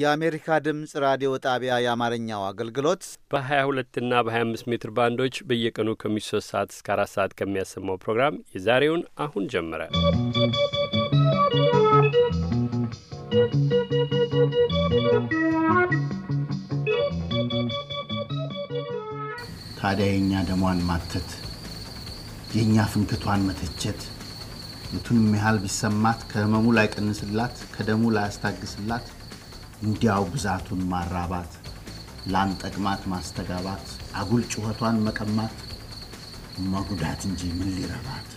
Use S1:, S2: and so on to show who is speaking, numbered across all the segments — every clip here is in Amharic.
S1: የአሜሪካ ድምፅ ራዲዮ ጣቢያ የአማርኛው አገልግሎት በ22 እና በ25 ሜትር ባንዶች በየቀኑ ከሚ3 ሰዓት እስከ 4 ሰዓት ከሚያሰማው ፕሮግራም የዛሬውን አሁን ጀመረ።
S2: ታዲያ የእኛ ደሟን ማተት፣ የእኛ ፍንክቷን መተቸት የቱንም ያህል ቢሰማት ከህመሙ ላይ ቀንስላት፣ ከደሙ ላይ አስታግስላት እንዲያው ብዛቱን ማራባት፣ ላንጠቅማት ማስተጋባት፣ አጉል ጩኸቷን መቀማት፣ መጉዳት እንጂ ምን ሊረባት።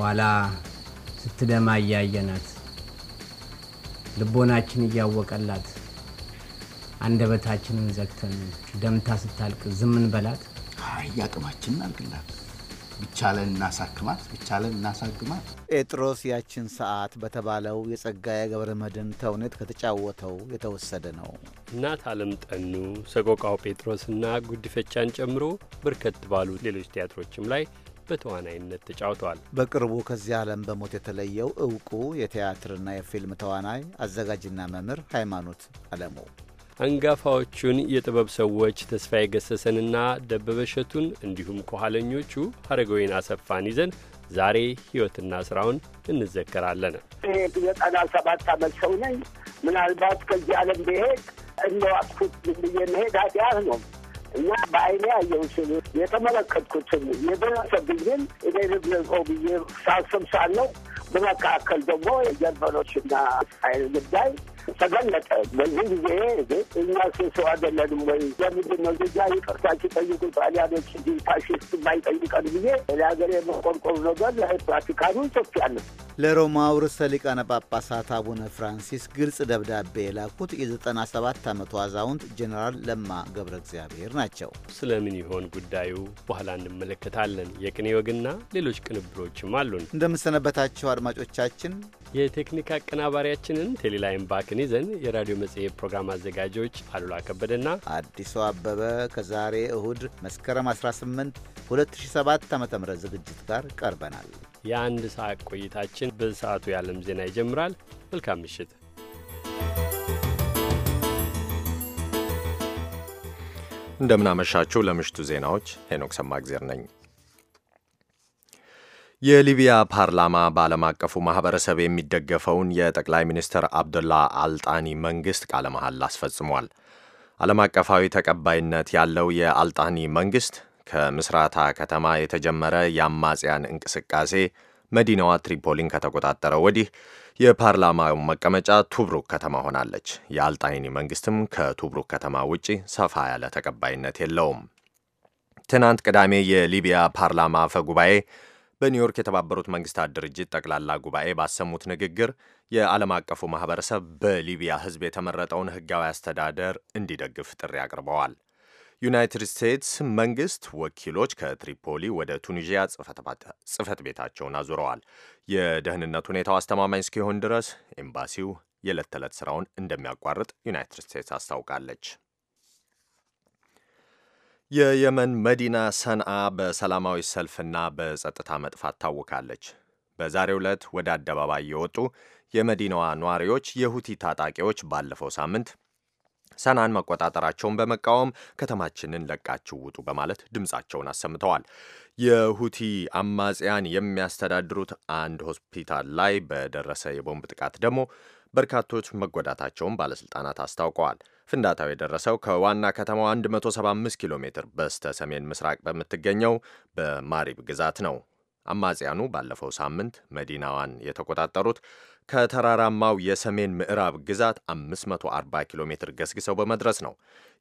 S3: ኋላ ስትደማ እያየናት ልቦናችን እያወቀላት አንደበታችንን ዘግተን ደምታ ስታልቅ ዝምን በላት።
S2: አይ አልግላት ብቻለን እናሳክማት፣
S1: ብቻለን እናሳግማት።
S4: ጴጥሮስ ያችን ሰዓት በተባለው የጸጋዬ ገብረ መድኅን ተውኔት ከተጫወተው የተወሰደ ነው።
S1: እናት አለም ጠኑ፣ ሰቆቃው ጴጥሮስና ጉድፈቻን ጨምሮ በርከት ባሉ ሌሎች ቲያትሮችም ላይ በተዋናይነት ተጫውተዋል።
S4: በቅርቡ ከዚህ ዓለም በሞት የተለየው እውቁ የቲያትርና የፊልም ተዋናይ አዘጋጅና መምህር ሃይማኖት አለሙ
S1: አንጋፋዎቹን የጥበብ ሰዎች ተስፋ የገሰሰንና ደበበሸቱን እንዲሁም ከኋለኞቹ ሀረገወይን አሰፋን ይዘን ዛሬ ሕይወትና ስራውን እንዘከራለን።
S5: እኔ ዘጠና ሰባት ዓመት ሰው ነኝ። ምናልባት ከዚህ ዓለም ብሄድ እንደዋጥኩት ብዬ መሄድ ኃጢአት ነው እና በአይኔ ያየው ስል የተመለከትኩትን የደረሰብኝን እኔ ልግለጾ ብዬ ሳስብ ሳለው በመካከል ደግሞ የጀርመኖችና እስራኤል ጉዳይ ተገለጠ። በዚህ ጊዜ እኛ ሰው አይደለንም ወይ? ለምንድን ነው እዚያ ይቅርታችሁ ጠይቁ ጣሊያኖች እ ፋሽስት የማይጠይቀን ጊዜ ለሀገር የመቆርቆር ነገር ላይ ኢትዮጵያ ኢትዮጵያለን።
S4: ለሮማው ርዕሰ ሊቃነ ጳጳሳት አቡነ ፍራንሲስ ግልጽ ደብዳቤ የላኩት የ97 ዓመቱ አዛውንት ጄኔራል ለማ ገብረ እግዚአብሔር
S1: ናቸው። ስለምን ይሆን ጉዳዩ በኋላ እንመለከታለን። የቅኔ ወግና ሌሎች ቅንብሮችም አሉን።
S4: እንደምንሰነበታቸው አድማጮቻችን
S1: የቴክኒክ አቀናባሪያችንን ቴሌላይም ባክን ይዘን የራዲዮ መጽሔት ፕሮግራም አዘጋጆች አሉላ ከበደና አዲሱ አበበ
S4: ከዛሬ እሁድ መስከረም 18 2007 ዓ ም ዝግጅት ጋር ቀርበናል።
S1: የአንድ ሰዓት ቆይታችን በሰዓቱ የዓለም ዜና ይጀምራል። መልካም ምሽት።
S6: እንደምናመሻችሁ። ለምሽቱ ዜናዎች ሄኖክ ሰማግዜር ነኝ። የሊቢያ ፓርላማ በዓለም አቀፉ ማህበረሰብ የሚደገፈውን የጠቅላይ ሚኒስትር አብዱላ አልጣኒ መንግስት ቃለ መሐላ አስፈጽሟል። ዓለም አቀፋዊ ተቀባይነት ያለው የአልጣኒ መንግስት ከምስራታ ከተማ የተጀመረ የአማጽያን እንቅስቃሴ መዲናዋ ትሪፖሊን ከተቆጣጠረ ወዲህ የፓርላማው መቀመጫ ቱብሩክ ከተማ ሆናለች። የአልጣኒ መንግስትም ከቱብሩክ ከተማ ውጪ ሰፋ ያለ ተቀባይነት የለውም። ትናንት ቅዳሜ የሊቢያ ፓርላማ አፈ ጉባኤ በኒውዮርክ የተባበሩት መንግስታት ድርጅት ጠቅላላ ጉባኤ ባሰሙት ንግግር የዓለም አቀፉ ማህበረሰብ በሊቢያ ህዝብ የተመረጠውን ህጋዊ አስተዳደር እንዲደግፍ ጥሪ አቅርበዋል። ዩናይትድ ስቴትስ መንግስት ወኪሎች ከትሪፖሊ ወደ ቱኒዥያ ጽህፈት ቤታቸውን አዙረዋል። የደህንነት ሁኔታው አስተማማኝ እስኪሆን ድረስ ኤምባሲው የዕለት ተዕለት ስራውን እንደሚያቋርጥ ዩናይትድ ስቴትስ አስታውቃለች። የየመን መዲና ሰንዓ በሰላማዊ ሰልፍና በጸጥታ መጥፋት ታወካለች። በዛሬው ዕለት ወደ አደባባይ የወጡ የመዲናዋ ነዋሪዎች የሁቲ ታጣቂዎች ባለፈው ሳምንት ሰናን መቆጣጠራቸውን በመቃወም ከተማችንን ለቃችሁ ውጡ በማለት ድምፃቸውን አሰምተዋል። የሁቲ አማጽያን የሚያስተዳድሩት አንድ ሆስፒታል ላይ በደረሰ የቦምብ ጥቃት ደግሞ በርካቶች መጎዳታቸውን ባለሥልጣናት አስታውቀዋል። ፍንዳታው የደረሰው ከዋና ከተማ 175 ኪሎ ሜትር በስተ ሰሜን ምስራቅ በምትገኘው በማሪብ ግዛት ነው። አማጽያኑ ባለፈው ሳምንት መዲናዋን የተቆጣጠሩት ከተራራማው የሰሜን ምዕራብ ግዛት 540 ኪሎ ሜትር ገስግሰው በመድረስ ነው።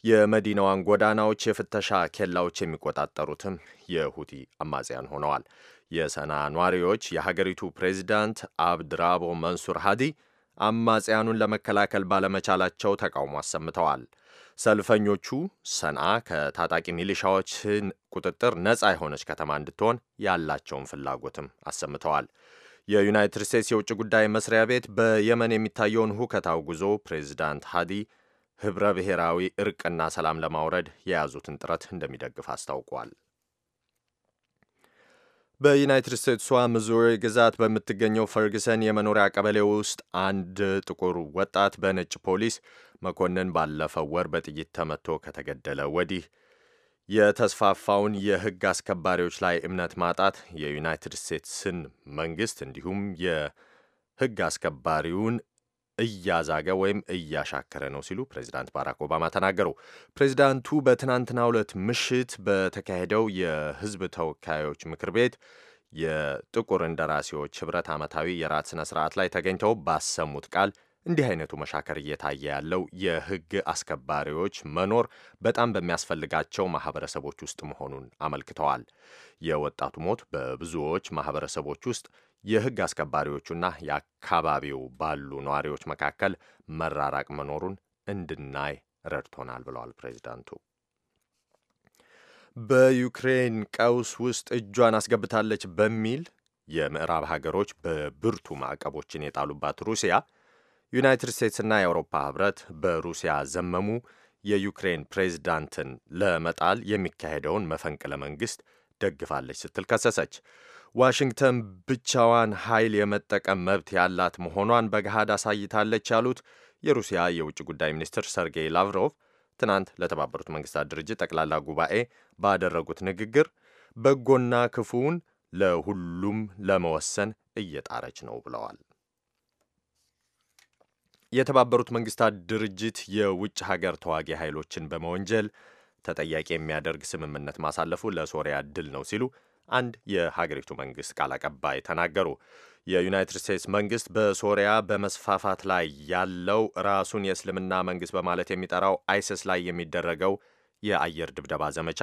S6: የመዲናዋን ጎዳናዎች የፍተሻ ኬላዎች የሚቆጣጠሩትም የሁቲ አማጽያን ሆነዋል። የሰና ኗሪዎች የሀገሪቱ ፕሬዚዳንት አብድራቦ መንሱር ሃዲ አማጽያኑን ለመከላከል ባለመቻላቸው ተቃውሞ አሰምተዋል። ሰልፈኞቹ ሰንዓ ከታጣቂ ሚሊሻዎች ቁጥጥር ነፃ የሆነች ከተማ እንድትሆን ያላቸውን ፍላጎትም አሰምተዋል። የዩናይትድ ስቴትስ የውጭ ጉዳይ መስሪያ ቤት በየመን የሚታየውን ሁከት አውግዞ ፕሬዚዳንት ሃዲ ህብረ ብሔራዊ እርቅና ሰላም ለማውረድ የያዙትን ጥረት እንደሚደግፍ አስታውቋል። በዩናይትድ ስቴትሷ ሚዙሪ ግዛት በምትገኘው ፈርግሰን የመኖሪያ ቀበሌ ውስጥ አንድ ጥቁር ወጣት በነጭ ፖሊስ መኮንን ባለፈው ወር በጥይት ተመቶ ከተገደለ ወዲህ የተስፋፋውን የሕግ አስከባሪዎች ላይ እምነት ማጣት የዩናይትድ ስቴትስን መንግስት እንዲሁም የሕግ አስከባሪውን እያዛገ ወይም እያሻከረ ነው ሲሉ ፕሬዚዳንት ባራክ ኦባማ ተናገሩ። ፕሬዚዳንቱ በትናንትናው ዕለት ምሽት በተካሄደው የሕዝብ ተወካዮች ምክር ቤት የጥቁር እንደራሴዎች ኅብረት ዓመታዊ የራት ሥነ ሥርዓት ላይ ተገኝተው ባሰሙት ቃል እንዲህ አይነቱ መሻከር እየታየ ያለው የሕግ አስከባሪዎች መኖር በጣም በሚያስፈልጋቸው ማኅበረሰቦች ውስጥ መሆኑን አመልክተዋል። የወጣቱ ሞት በብዙዎች ማኅበረሰቦች ውስጥ የህግ አስከባሪዎቹና የአካባቢው ባሉ ነዋሪዎች መካከል መራራቅ መኖሩን እንድናይ ረድቶናል ብለዋል ፕሬዚዳንቱ። በዩክሬን ቀውስ ውስጥ እጇን አስገብታለች በሚል የምዕራብ ሀገሮች በብርቱ ማዕቀቦችን የጣሉባት ሩሲያ ዩናይትድ ስቴትስና የአውሮፓ ህብረት በሩሲያ ዘመሙ የዩክሬን ፕሬዝዳንትን ለመጣል የሚካሄደውን መፈንቅለ መንግስት ደግፋለች ስትል ከሰሰች። ዋሽንግተን ብቻዋን ኃይል የመጠቀም መብት ያላት መሆኗን በገሃድ አሳይታለች ያሉት የሩሲያ የውጭ ጉዳይ ሚኒስትር ሰርጌይ ላቭሮቭ ትናንት ለተባበሩት መንግስታት ድርጅት ጠቅላላ ጉባኤ ባደረጉት ንግግር በጎና ክፉውን ለሁሉም ለመወሰን እየጣረች ነው ብለዋል። የተባበሩት መንግስታት ድርጅት የውጭ ሀገር ተዋጊ ኃይሎችን በመወንጀል ተጠያቂ የሚያደርግ ስምምነት ማሳለፉ ለሶሪያ ድል ነው ሲሉ አንድ የሀገሪቱ መንግስት ቃል አቀባይ ተናገሩ። የዩናይትድ ስቴትስ መንግስት በሶሪያ በመስፋፋት ላይ ያለው ራሱን የእስልምና መንግስት በማለት የሚጠራው አይሲስ ላይ የሚደረገው የአየር ድብደባ ዘመቻ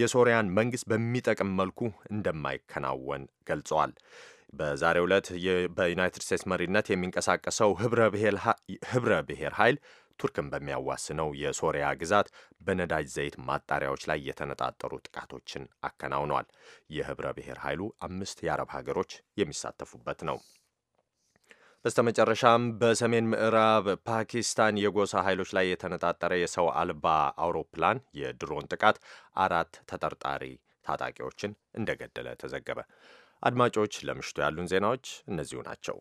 S6: የሶሪያን መንግስት በሚጠቅም መልኩ እንደማይከናወን ገልጸዋል። በዛሬው ዕለት በዩናይትድ ስቴትስ መሪነት የሚንቀሳቀሰው ህብረ ብሔር ኃይል ቱርክን በሚያዋስነው የሶሪያ ግዛት በነዳጅ ዘይት ማጣሪያዎች ላይ የተነጣጠሩ ጥቃቶችን አከናውኗል። የህብረ ብሔር ኃይሉ አምስት የአረብ ሀገሮች የሚሳተፉበት ነው። በስተመጨረሻም በሰሜን ምዕራብ ፓኪስታን የጎሳ ኃይሎች ላይ የተነጣጠረ የሰው አልባ አውሮፕላን የድሮን ጥቃት አራት ተጠርጣሪ ታጣቂዎችን እንደገደለ ተዘገበ። አድማጮች፣ ለምሽቱ ያሉን ዜናዎች እነዚሁ ናቸው።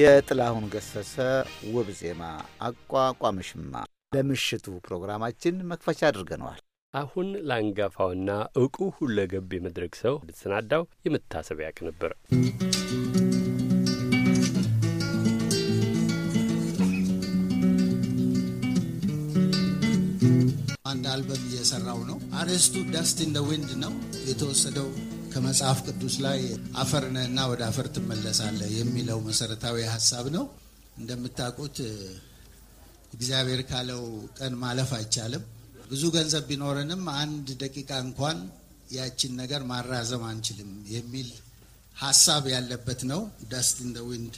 S4: የጥላሁን ገሰሰ ውብ ዜማ አቋቋምሽማ ለምሽቱ ፕሮግራማችን መክፈቻ አድርገነዋል።
S1: አሁን ለአንጋፋውና እውቁ ሁለገብ የመድረክ ሰው ልትሰናዳው የመታሰቢያ ቅንብር አንድ አልበም
S2: እየሰራው ነው። አርዕስቱ ዳስት ኢን ደ ዊንድ ነው የተወሰደው ከመጽሐፍ ቅዱስ ላይ አፈር ወደ አፈር ትመለሳለህ የሚለው መሰረታዊ ሀሳብ ነው። እንደምታውቁት እግዚአብሔር ካለው ቀን ማለፍ አይቻልም። ብዙ ገንዘብ ቢኖረንም አንድ ደቂቃ እንኳን ያችን ነገር ማራዘም አንችልም የሚል ሀሳብ ያለበት ነው። ዳስት ኢን ዘ ዊንድ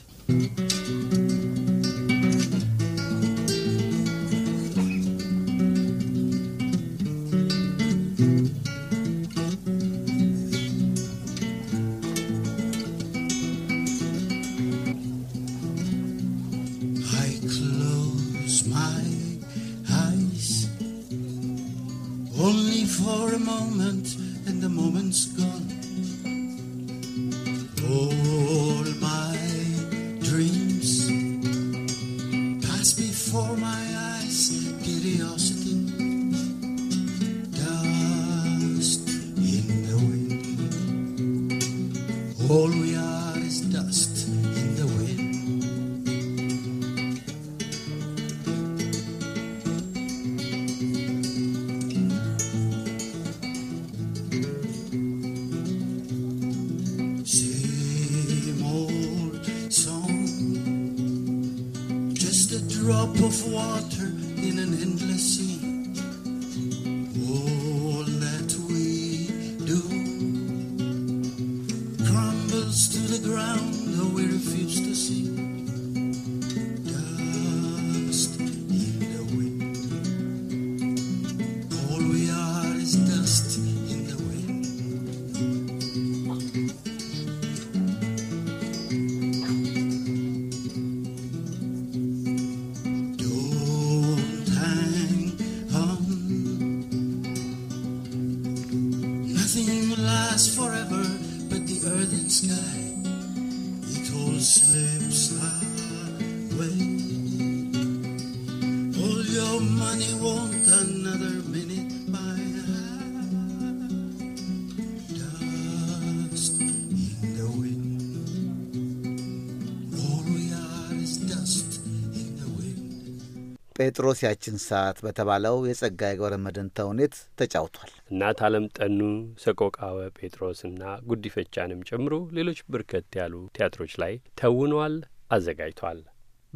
S4: ጴጥሮስ ያችን ሰዓት በተባለው የጸጋዬ ገብረመድህን ተውኔት
S1: ተጫውቷል። እናት አለም ጠኑ ሰቆቃወ ጴጥሮስና ጉዲፈቻንም ጨምሮ ሌሎች በርከት ያሉ ቲያትሮች ላይ ተውኗል፣ አዘጋጅቷል።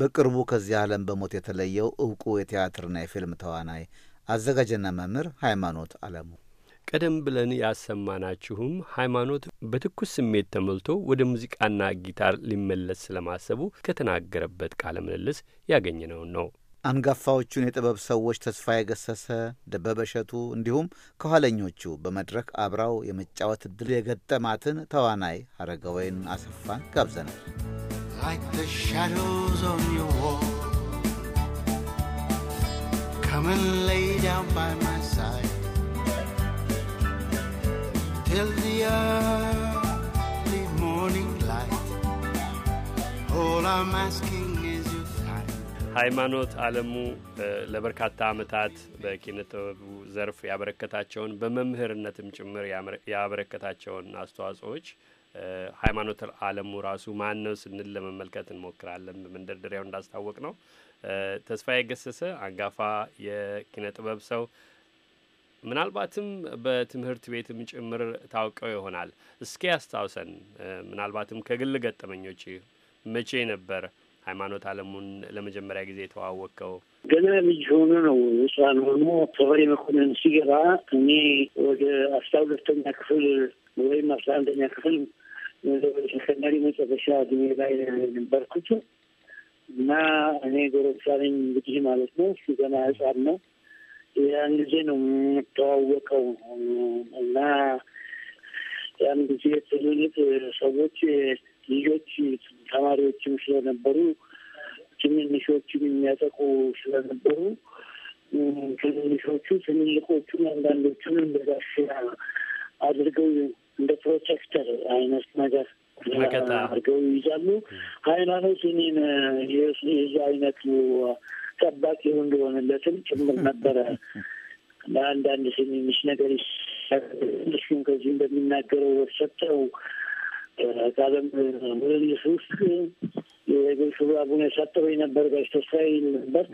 S4: በቅርቡ ከዚህ ዓለም በሞት የተለየው እውቁ የቲያትርና የፊልም ተዋናይ አዘጋጅና መምህር ሃይማኖት አለሙ
S1: ቀደም ብለን ያሰማናችሁም ሃይማኖት በትኩስ ስሜት ተሞልቶ ወደ ሙዚቃና ጊታር ሊመለስ ስለማሰቡ ከተናገረበት ቃለ ምልልስ ያገኘነውን ነው።
S4: አንጋፋዎቹን የጥበብ ሰዎች ተስፋ የገሰሰ ደበበሸቱ እንዲሁም ከኋለኞቹ በመድረክ አብራው የመጫወት ዕድል የገጠማትን ተዋናይ ሀረገወይን አሰፋን ጋብዘናል።
S1: All I'm asking ሃይማኖት አለሙ ለበርካታ ዓመታት በኪነ ጥበቡ ዘርፍ ያበረከታቸውን በመምህርነትም ጭምር ያበረከታቸውን አስተዋጽኦዎች ሃይማኖት አለሙ ራሱ ማን ነው ስንል ለመመልከት እንሞክራለን። በመንደርደሪያው እንዳስታወቅ ነው ተስፋዬ ገሰሰ አንጋፋ የኪነ ጥበብ ሰው ምናልባትም በትምህርት ቤትም ጭምር ታውቀው ይሆናል። እስኪ ያስታውሰን፣ ምናልባትም ከግል ገጠመኞች መቼ ነበር ሃይማኖት አለሙን ለመጀመሪያ ጊዜ የተዋወቀው
S7: ገና ልጅ ሆኖ ነው። ህፃን ሆኖ ተፈሪ መኮንን ሲገባ እኔ ወደ አስራ ሁለተኛ ክፍል ወይም አስራ አንደኛ ክፍል ሰከንዳሪ መጨረሻ እድሜ ላይ ነበርኩት እና እኔ ጎረምሳ እንግዲህ ማለት ነው። ገና ህፃን ነው። ያን ጊዜ ነው የምተዋወቀው እና ያን ጊዜ ትልልቅ ሰዎች ልጆች ተማሪዎችም ስለነበሩ ትንንሾችም የሚያጠቁ ስለነበሩ ትንንሾቹ ትልልቆቹን አንዳንዶቹን እንደጋፊያ አድርገው እንደ ፕሮቴክተር አይነት ነገር አድርገው ይይዛሉ። ሃይማኖት እኔን የዛ አይነት ጠባቂ እንደሆነለትም ጭምር ነበረ። ለአንዳንድ ትንንሽ ነገር እሱም ከዚህ እንደሚናገረው ወሰጠው ከአለም ምልልስ ውስጥ አቡነ ነበር፣ ጋሽ ተስፋዬ ነበር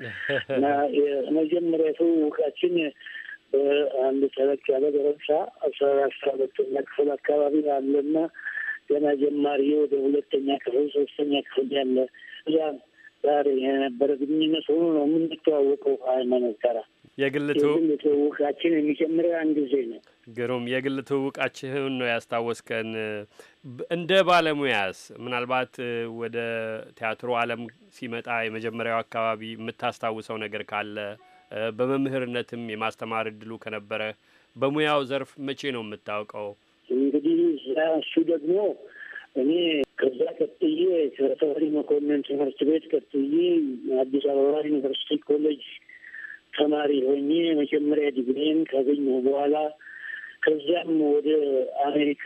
S7: እና የመጀመሪያ ትውውቃችን አንድ ተለቅ ያለ ገረምሳ አስራ አስራ ሁለተኛ ክፍል አካባቢ አለና ገና ጀማሪ ወደ ሁለተኛ ክፍል ሶስተኛ ክፍል ያለ እዛ ዛሬ የነበረ ግንኙነት ሆኖ ነው የምንተዋወቀው ሃይማኖት ጋራ የግል ትውውቃችን
S5: የሚጀምረው
S1: አንድ ጊዜ ነው። ግሩም የግል ትውውቃችህን ነው ያስታወስከን። እንደ ባለሙያስ ምናልባት ወደ ቲያትሮ ዓለም ሲመጣ የመጀመሪያው አካባቢ የምታስታውሰው ነገር ካለ በመምህርነትም የማስተማር እድሉ ከነበረ በሙያው ዘርፍ መቼ ነው የምታውቀው?
S7: እንግዲህ እሱ ደግሞ እኔ ከዛ ቀጥዬ ተፈሪ መኮንን ትምህርት ቤት ቀጥዬ አዲስ አበባ ዩኒቨርሲቲ ኮሌጅ ተማሪ ሆኜ መጀመሪያ ዲግሪን ካገኘሁ በኋላ ከዚያም ወደ አሜሪካ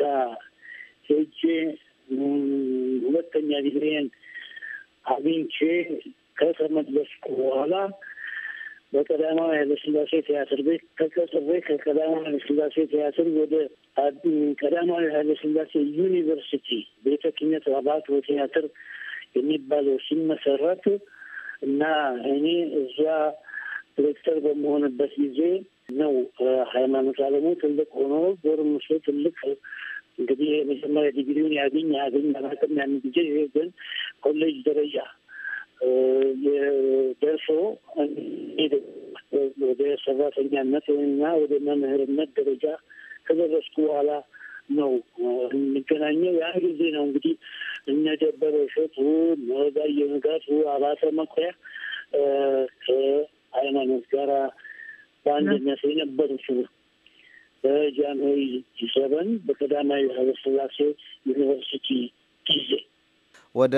S7: ሄጄ ሁለተኛ ዲግሪን አግኝቼ ከተመለስኩ በኋላ በቀዳማዊ ኃይለስላሴ ቲያትር ቤት ተቀጥሬ ከቀዳማዊ ኃይለስላሴ ቲያትር ወደ ቀዳማዊ ኃይለስላሴ ዩኒቨርሲቲ ቤተ ኪነት አባት ወቲያትር የሚባለው ሲመሰረት እና እኔ እዛ ዲሬክተር በመሆንበት ጊዜ ነው። ሃይማኖት አለሙ ትልቅ ሆኖ ዞር ምስሎ ትልቅ እንግዲህ የመጀመሪያ ዲግሪውን ያገኝ ያገኝ አላውቅም። ያን ጊዜ ይሄ ግን ኮሌጅ ደረጃ ደርሶ ወደ ሰራተኛነት እና ወደ መምህርነት ደረጃ ከደረስኩ በኋላ ነው የሚገናኘው። ያን ጊዜ ነው እንግዲህ እነ ደበበ እሸቱ፣ መጋየ ንጋቱ፣ አባተ መኩሪያ ከሃይማኖት ጋራ በአንድነት የነበሩት በጃንሆይ ሰበን በቀዳማዊ ኃይለሥላሴ ዩኒቨርሲቲ
S8: ጊዜ
S4: ወደ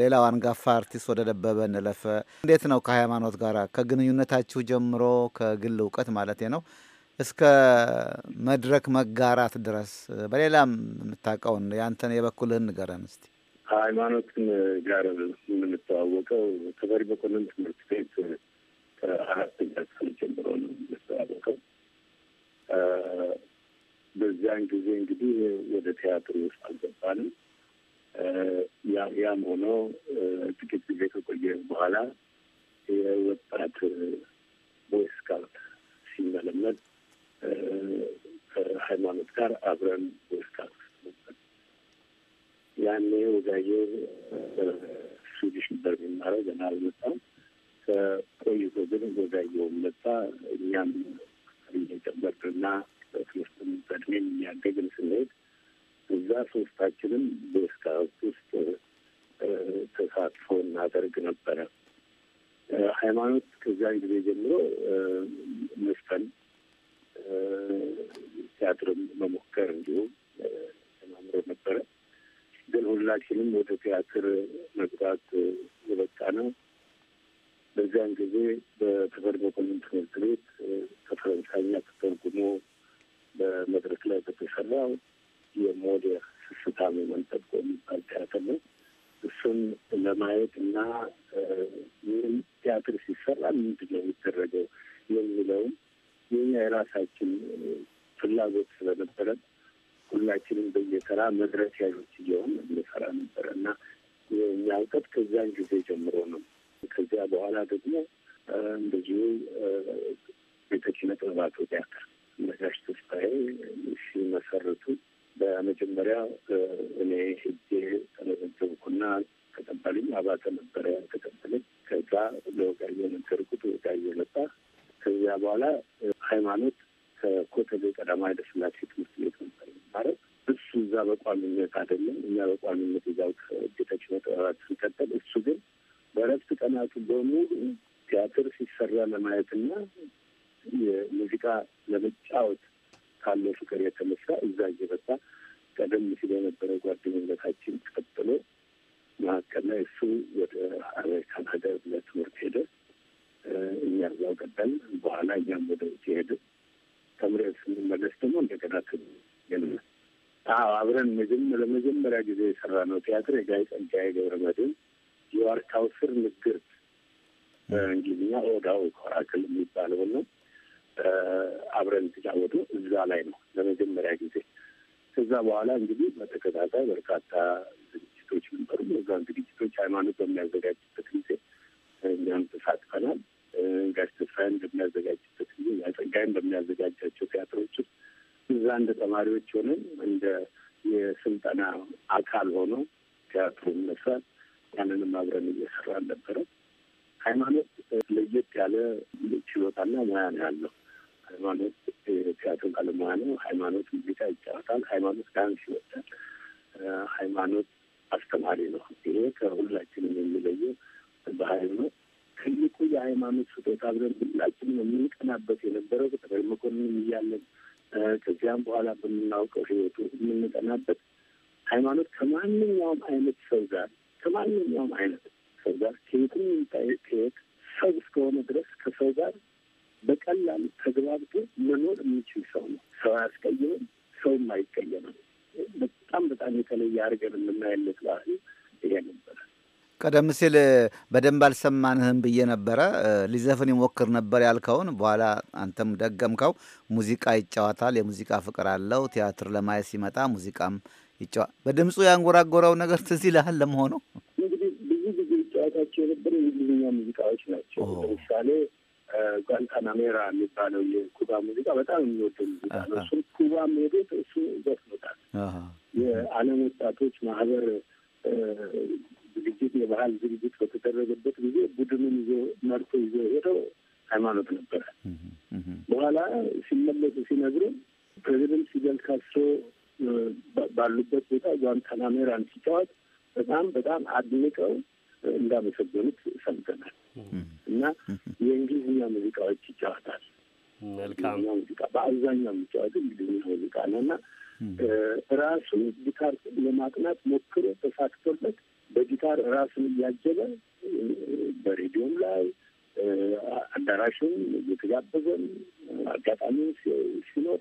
S4: ሌላው አንጋፋ አርቲስት ወደ ደበበ እንለፈ። እንዴት ነው ከሃይማኖት ጋር ከግንኙነታችሁ ጀምሮ ከግል እውቀት ማለት ነው እስከ መድረክ መጋራት ድረስ በሌላም የምታውቀውን ያንተን የበኩልህን ንገረን እስቲ።
S8: ከሃይማኖትን ጋር የምንተዋወቀው ተፈሪ መኮንን ትምህርት ቤት ከአራተኛ ክፍል ጀምሮ ነው ስራ በዚያን ጊዜ እንግዲህ ወደ ቲያትር ውስጥ አልገባንም። ያም ሆኖ ጥቂት ጊዜ ከቆየ በኋላ የወጣት ቦይ ስካውት ሲመለመድ ከሃይማኖት ጋር አብረን ቦይ ስካውት ያኔ ወጋየሁ ስዊዲሽ ነበር የሚማረው ገና አልመጣም። ቆይቶ ግን ወደ የውን መጣ። እኛም እየጨበርና ትምህርትን በእድሜም እያደግን ስንሄድ እዛ ሶስታችንም በስካውት ውስጥ ተሳትፎ እናደርግ ነበረ። ሃይማኖት ከዚያን ጊዜ ጀምሮ መስፈን፣ ቲያትርም መሞከር እንዲሁም ተማምሮ ነበረ። ግን ሁላችንም ወደ ቲያትር መግባት የበቃ ነው በዚያን ጊዜ በተፈሪ መኮንን ትምህርት ቤት ከፈረንሳይኛ ተተርጉሞ በመድረክ ላይ በተሰራ የሞዴር ስስታም መንጠቆ የሚባል ቲያትር ነው። እሱም ለማየት እና ምን ቲያትር ሲሰራ ምንድን ነው የሚደረገው የሚለውም የኛ የራሳችን ፍላጎት ስለነበረ ሁላችንም በየተራ መድረክ ያዦች እየሆን እንሰራ ነበረ እና የእኛ እውቀት ከዚያን ጊዜ ጀምሮ ነው ከዚያ በኋላ ደግሞ እንደዚሁ ቤተ ኪነ ጥበባት ቲያትር ነጋሽ ተስፋዬ ሲመሰርቱ በመጀመሪያ እኔ ሄጄ ተመዘገብኩና ተቀባልኝ። አባተ ነበረ ተቀበለኝ። ከዛ ለወጋየ ነገርኩት። ወጋየ መጣ። ከዚያ በኋላ ሃይማኖት ከኮተቤ ቀዳማዊ ኃይለ ሥላሴ ትምህርት ቤት ነበር ማለት እሱ እዛ በቋሚነት አይደለም። እኛ በቋሚነት እዛው ቤተ ኪነ ጥበባት ስንቀጠል እሱ ግን በእረፍት ቀናቱ በሙሉ ቲያትር ሲሰራ ለማየትና የሙዚቃ ለመጫወት ካለው ፍቅር የተነሳ እዛ እየመጣ ቀደም ሲል የነበረ ጓደኝነታችን ቀጥሎ መካከል ላይ እሱ ወደ አሜሪካን ሀገር ለትምህርት ሄደ። እኛ እዛው ቀጠል። በኋላ እኛም ወደ ውጭ ሄደ። ተምረን ስንመለስ ደግሞ እንደገና ግን አብረን መጀመ ለመጀመሪያ ጊዜ የሰራ ነው ቲያትር የጋይ ጸጋዬ ገብረ መድኅን የዋርካው ስር ንግር በእንግሊዝኛ ኦዳው ኮራክል የሚባለው ነው። አብረን የተጫወቱ እዛ ላይ ነው ለመጀመሪያ ጊዜ። ከዛ በኋላ እንግዲህ በተከታታይ በርካታ ዝግጅቶች ነበሩ። እዛን ዝግጅቶች ሃይማኖት በሚያዘጋጅበት ጊዜ እኛም ተሳትፈናል። ጋሽ ተስፋዬን በሚያዘጋጅበት ጊዜ ጸጋይን በሚያዘጋጃቸው ቲያትሮች ውስጥ እዛ እንደ ተማሪዎች ሆነን እንደ የስልጠና አካል ሆኖ ቲያትሩን መስራት ያንንም አብረን እየሰራ ነበረ። ሃይማኖት ለየት ያለ ችሎታና ሙያ ነው ያለው። ሃይማኖት ቲያትር ባለሙያ ነው። ሃይማኖት ሙዚቃ ይጫወታል። ሃይማኖት ዳንስ ይወጣል። ሃይማኖት አስተማሪ ነው። ይሄ ከሁላችንም የሚለየው ነው። ትልቁ የሃይማኖት ስጦታ ብለን ሁላችንም የምንቀናበት የነበረው ጠቅላይ መኮንን እያለን ከዚያም በኋላ በምናውቀው ህይወቱ የምንቀናበት ሃይማኖት ከማንኛውም አይነት ሰው ጋር ከማንኛውም አይነት ሰው ጋር ከየትም ከየት ሰው እስከሆነ ድረስ ከሰው ጋር በቀላል ተግባብቶ መኖር የሚችል ሰው ነው። ሰው አያስቀይምም፣ ሰውም አይቀየምም። በጣም በጣም የተለየ አድርገን የምናያለት ባህል ይሄ ነበረ።
S4: ቀደም ሲል በደንብ አልሰማንህም ብዬ ነበረ። ሊዘፍን ይሞክር ነበር ያልከውን በኋላ አንተም ደገምከው። ሙዚቃ ይጫወታል፣ የሙዚቃ ፍቅር አለው። ቲያትር ለማየት ሲመጣ ሙዚቃም ይጫዋ በድምፁ ያንጎራጎረው ነገር ትዝ ይልሃል ለመሆኑ?
S8: ሙዚቃዎች ናቸው። ለምሳሌ ጓንታናሜራ የሚባለው የኩባ ሙዚቃ በጣም የሚወደ ሙዚቃ ነው። እሱም ኩባ ሄዶት እሱ ዘፍኖታል። የዓለም ወጣቶች ማህበር ዝግጅት የባህል ዝግጅት በተደረገበት ጊዜ ቡድኑን ይዞ መርቶ ይዞ ሄደው ሃይማኖት ነበረ። በኋላ ሲመለሱ ሲነግሩ ፕሬዚደንት ፊደል ካስትሮ ባሉበት ቦታ ጓንታናሜራን ሲጫወት በጣም በጣም አድንቀው እንዳመሰገኑት ሰምተናል እና የእንግሊዝኛ ሙዚቃዎች ይጫወታል። መልካም ሙዚቃ በአብዛኛው የሚጫወት እንግሊዝኛ ሙዚቃ ነው እና ራሱ ጊታር ለማቅናት ሞክሮ ተሳክቶለት በጊታር ራሱን እያጀበ በሬዲዮም ላይ አዳራሽም እየተጋበዘን አጋጣሚ ሲኖር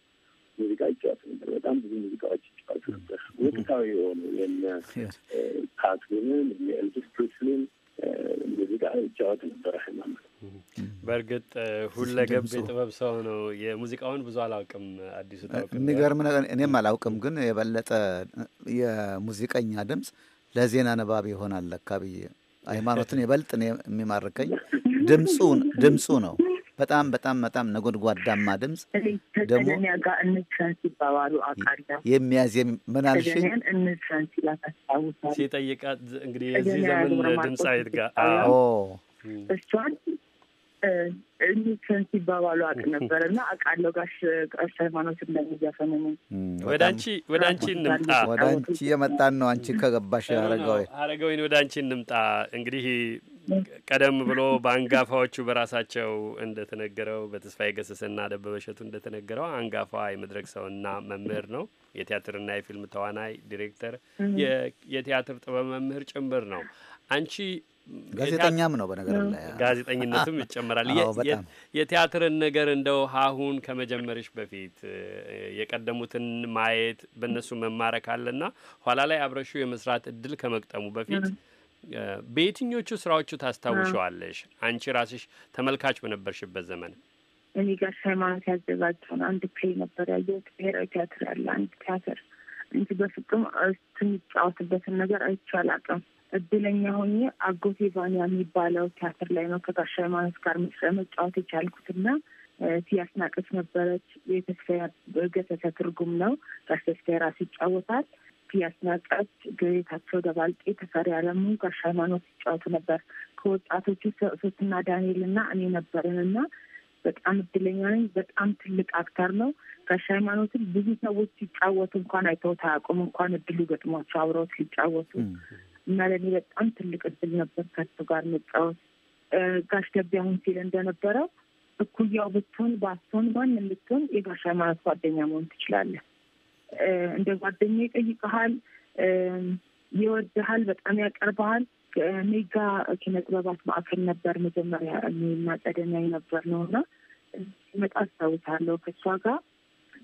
S8: ሙዚቃ ይጫወት ነበር። በጣም ብዙ ሙዚቃዎች ይጫወት ነበር። ወቅታዊ የሆኑ የነ ካትሪንን የኤልቪስ ፕሪስሊን ሙዚቃ ይጫወት ነበር ሃይማኖት
S1: በእርግጥ ሁለገብ የጥበብ ሰው ነው። የሙዚቃውን ብዙ አላውቅም። አዲሱ የሚገርም
S4: ነገር እኔም አላውቅም፣ ግን የበለጠ የሙዚቀኛ ድምፅ ለዜና ንባብ ይሆናል ለካ ብዬ ሃይማኖትን ይበልጥ የሚማርከኝ ድምፁ ድምፁ ነው። በጣም በጣም በጣም ነጎድጓዳማ ድምፅ ደግሞ የሚያዝ ምን አልሽኝ
S1: ሲጠይቃት እንግዲህ የዚህ ዘመን ድምፃዊት ጋር
S9: እሷን ኢንዲፈረንስ ይባባሉ አቅ ነበር እና አውቃለሁ ጋሽ
S4: ቀሽ ሃይማኖት እንደሚዘፈንኑ ወደ አንቺ ወደ አንቺ እንምጣ። ወደ አንቺ የመጣን ነው አንቺ ከገባሽ አረጋዊ
S1: አረጋዊን ወደ አንቺ እንምጣ እንግዲህ ቀደም ብሎ በአንጋፋዎቹ በራሳቸው እንደተነገረው በተስፋዬ ገሰሰና ደበበ እሸቱ እንደተነገረው አንጋፋ የመድረክ ሰውና መምህር ነው። የቲያትርና የፊልም ተዋናይ፣ ዲሬክተር፣ የቲያትር ጥበብ መምህር ጭምር ነው። አንቺ ጋዜጠኛም ነው። በነገር ላይ ጋዜጠኝነትም ይጨመራል። የቲያትርን ነገር እንደው አሁን ከመጀመርሽ በፊት የቀደሙትን ማየት በእነሱ መማረክ አለና ኋላ ላይ አብረሹ የመስራት እድል ከመቅጠሙ በፊት በየትኞቹ ስራዎቹ ታስታውሸዋለሽ? አንቺ ራስሽ ተመልካች በነበርሽበት ዘመን
S9: እኔ ጋር ሃይማኖት ያዘጋጀውን አንድ ፕሌ ነበር ያየሁት። ብሔራዊ ቲያትር ያለ አንድ ቲያትር እንጂ በፍጹም እሱ የሚጫወትበትን ነገር አይቼ አላውቅም። እድለኛ ሆኜ አጎቴ ቫኒያ የሚባለው ቲያትር ላይ ነው ከጋሽ ሃይማኖት ጋር መጫወት የቻልኩት የቻልኩትና ትያስናቀች ነበረች። የተስፋ ገሰሰ ትርጉም ነው። ጋሽ ተስፋ ራሱ ይጫወታል። የአስናቀች ገቤታቸው ደባልቄ፣ ተፈሪ አለሙ፣ ጋሽ ሃይማኖት ይጫወቱ ነበር። ከወጣቶቹ ሶስትና ዳንኤል እና እኔ ነበርን እና በጣም እድለኛ ነኝ። በጣም ትልቅ አክተር ነው። ጋሽ ሃይማኖትን ብዙ ሰዎች ሲጫወቱ እንኳን አይተውት አያውቁም። እንኳን እድሉ ገጥሟቸው አብረውት ሲጫወቱ እና ለእኔ በጣም ትልቅ እድል ነበር ከሱ ጋር መጫወት። ጋሽ ደቢ አሁን ሲል እንደነበረው እኩያው ብትሆን ባትሆን ማንም ብትሆን የጋሽ ሃይማኖት ጓደኛ መሆን ትችላለን። እንደ ጓደኛ ይጠይቀሃል፣ ይወድሃል፣ በጣም ያቀርበሃል። ሜጋ ኪነጥበባት ማዕከል ነበር መጀመሪያ እኔና ቀደም ነበር ነው እና ሲመጣ አስታውሳለሁ ከእሷ ጋር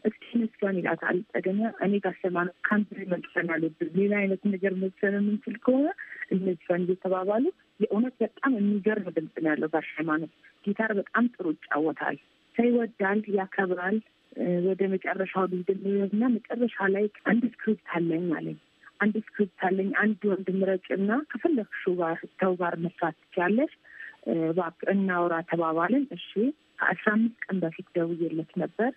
S9: እስኪ መስገን ይላታል ጠገኛ እኔ ጋር ሰማን ከአንድ ላይ መድፈን አልወድም። ሌላ አይነት ነገር መድፈን የምንችል ከሆነ እነዚን እየተባባሉ የእውነት በጣም የሚገርም ድምፅ ነው ያለው። ጋር ሃይማኖት ጊታር በጣም ጥሩ ይጫወታል። ሰው ይወዳል፣ ያከብራል፣ ወደ መጨረሻው ድንድና መጨረሻ ላይ አንድ ስክሪፕት አለኝ አለኝ። አንድ ስክሪፕት አለኝ፣ አንድ ወንድ ምረጭ ከፈለግሽው ጋር ተው ጋር መስራት ትችያለሽ፣ እባክህ እናውራ ተባባልን። እሺ ከአስራ አምስት ቀን በፊት ደውዬለት ነበር።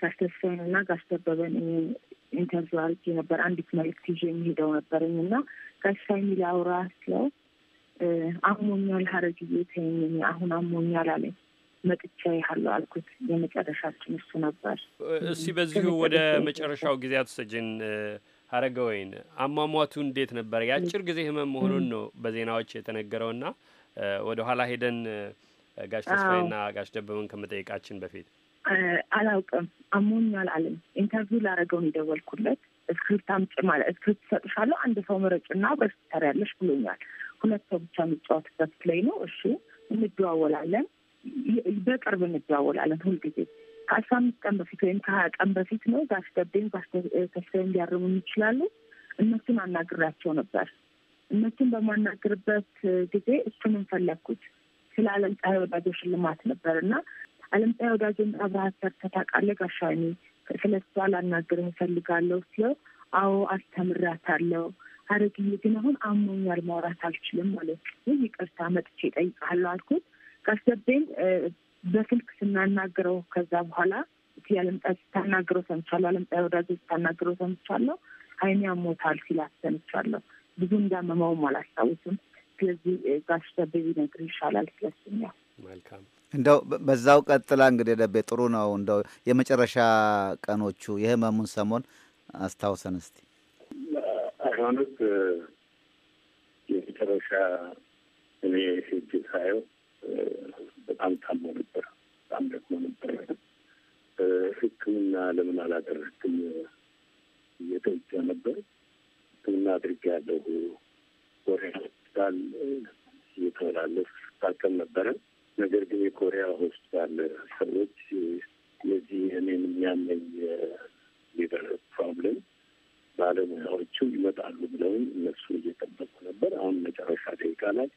S9: ጋሽ ተስፋዬንና ጋሽ ደበበን ኢንተርቪው አድርጌ ነበር። አንዲት መልክት ይዤ የሚሄደው ነበረኝ እና ጋሽ ተስፋዬን ላውራ ስለው አሞኛል ሐረግዬ ተይኝ፣ አሁን አሞኛል አለኝ። መጥቻ ያለው አልኩት። የመጨረሻችን እሱ ነበር።
S1: እስቲ በዚሁ ወደ መጨረሻው ጊዜ አትሰጅን አረገ ወይን አሟሟቱ እንዴት ነበር? የአጭር ጊዜ ህመም መሆኑን ነው በዜናዎች የተነገረውና ወደ ኋላ ሄደን ጋሽ ተስፋዬና ጋሽ ደበበን ከመጠየቃችን በፊት
S9: አላውቅም አሞኛል አለኝ። ኢንተርቪው ላደረገውን የደወልኩለት እስክሪፕት አምጪ ማለት እስክሪፕት ሰጥሻለሁ፣ አንድ ሰው ምረጭና በስተር ያለሽ ብሎኛል። ሁለት ሰው ብቻ የሚጫወትበት ፕሌይ ነው። እሺ እንደዋወላለን በቅርብ እንደዋወላለን ሁልጊዜ ከአስራ አምስት ቀን በፊት ወይም ከሀያ ቀን በፊት ነው። ጋሽ ደቤን እንዲያርሙ ይችላሉ። እነሱን አናግራቸው ነበር። እነሱን በማናግርበት ጊዜ እሱንም ፈለግኩት ስለ አለምፀሐይ ወዳጆ ሽልማት ነበር እና አለምፀሐይ ወዳጆ አብረሃት ሰርተህ ታውቃለህ ጋሻኒ? ስለ እሷ ላናግርህ እፈልጋለሁ ሲለው አዎ አስተምራታለሁ ሐረግዬ ግን አሁን አሞኛል ማውራት አልችልም ማለት ነው። ይቅርታ መጥቼ ጠይቃለሁ አልኩት። ቀስደቤን በስልክ ስናናግረው ከዛ በኋላ ያለምጣ ስታናግረው ሰምቻለሁ፣ አለምጣ ወዳጅ ስታናግረው ሰምቻለሁ፣ አይኔ ያሞታል ሲላት ሰምቻለሁ። ብዙ እንዳመመውም አላስታውስም። ስለዚህ ጋሽ ደቤ ቢነግር ይሻላል ስለስኛ
S4: መልካም እንደው በዛው ቀጥላ እንግዲህ ደቤ ጥሩ ነው። እንደው የመጨረሻ ቀኖቹ የህመሙን ሰሞን አስታውሰን እስቲ
S8: ሃይማኖት የመጨረሻ እኔ ሴት ሳየው በጣም ታሞ ነበር። በጣም ደግሞ ነበር። ሕክምና ለምን አላደረግም እየተወጀ ነበር። ሕክምና አድርጌ ያለሁ ኮሪያ ሆስፒታል እየተወላለፍ ታከም ነበረ። ነገር ግን የኮሪያ ሆስፒታል ሰዎች የዚህ እኔን የሚያመኝ ሊደር ፕሮብለም ባለሙያዎቹ ይመጣሉ ብለውን እነሱ እየጠበቁ ነበር። አሁን መጨረሻ ደቂቃ ላይ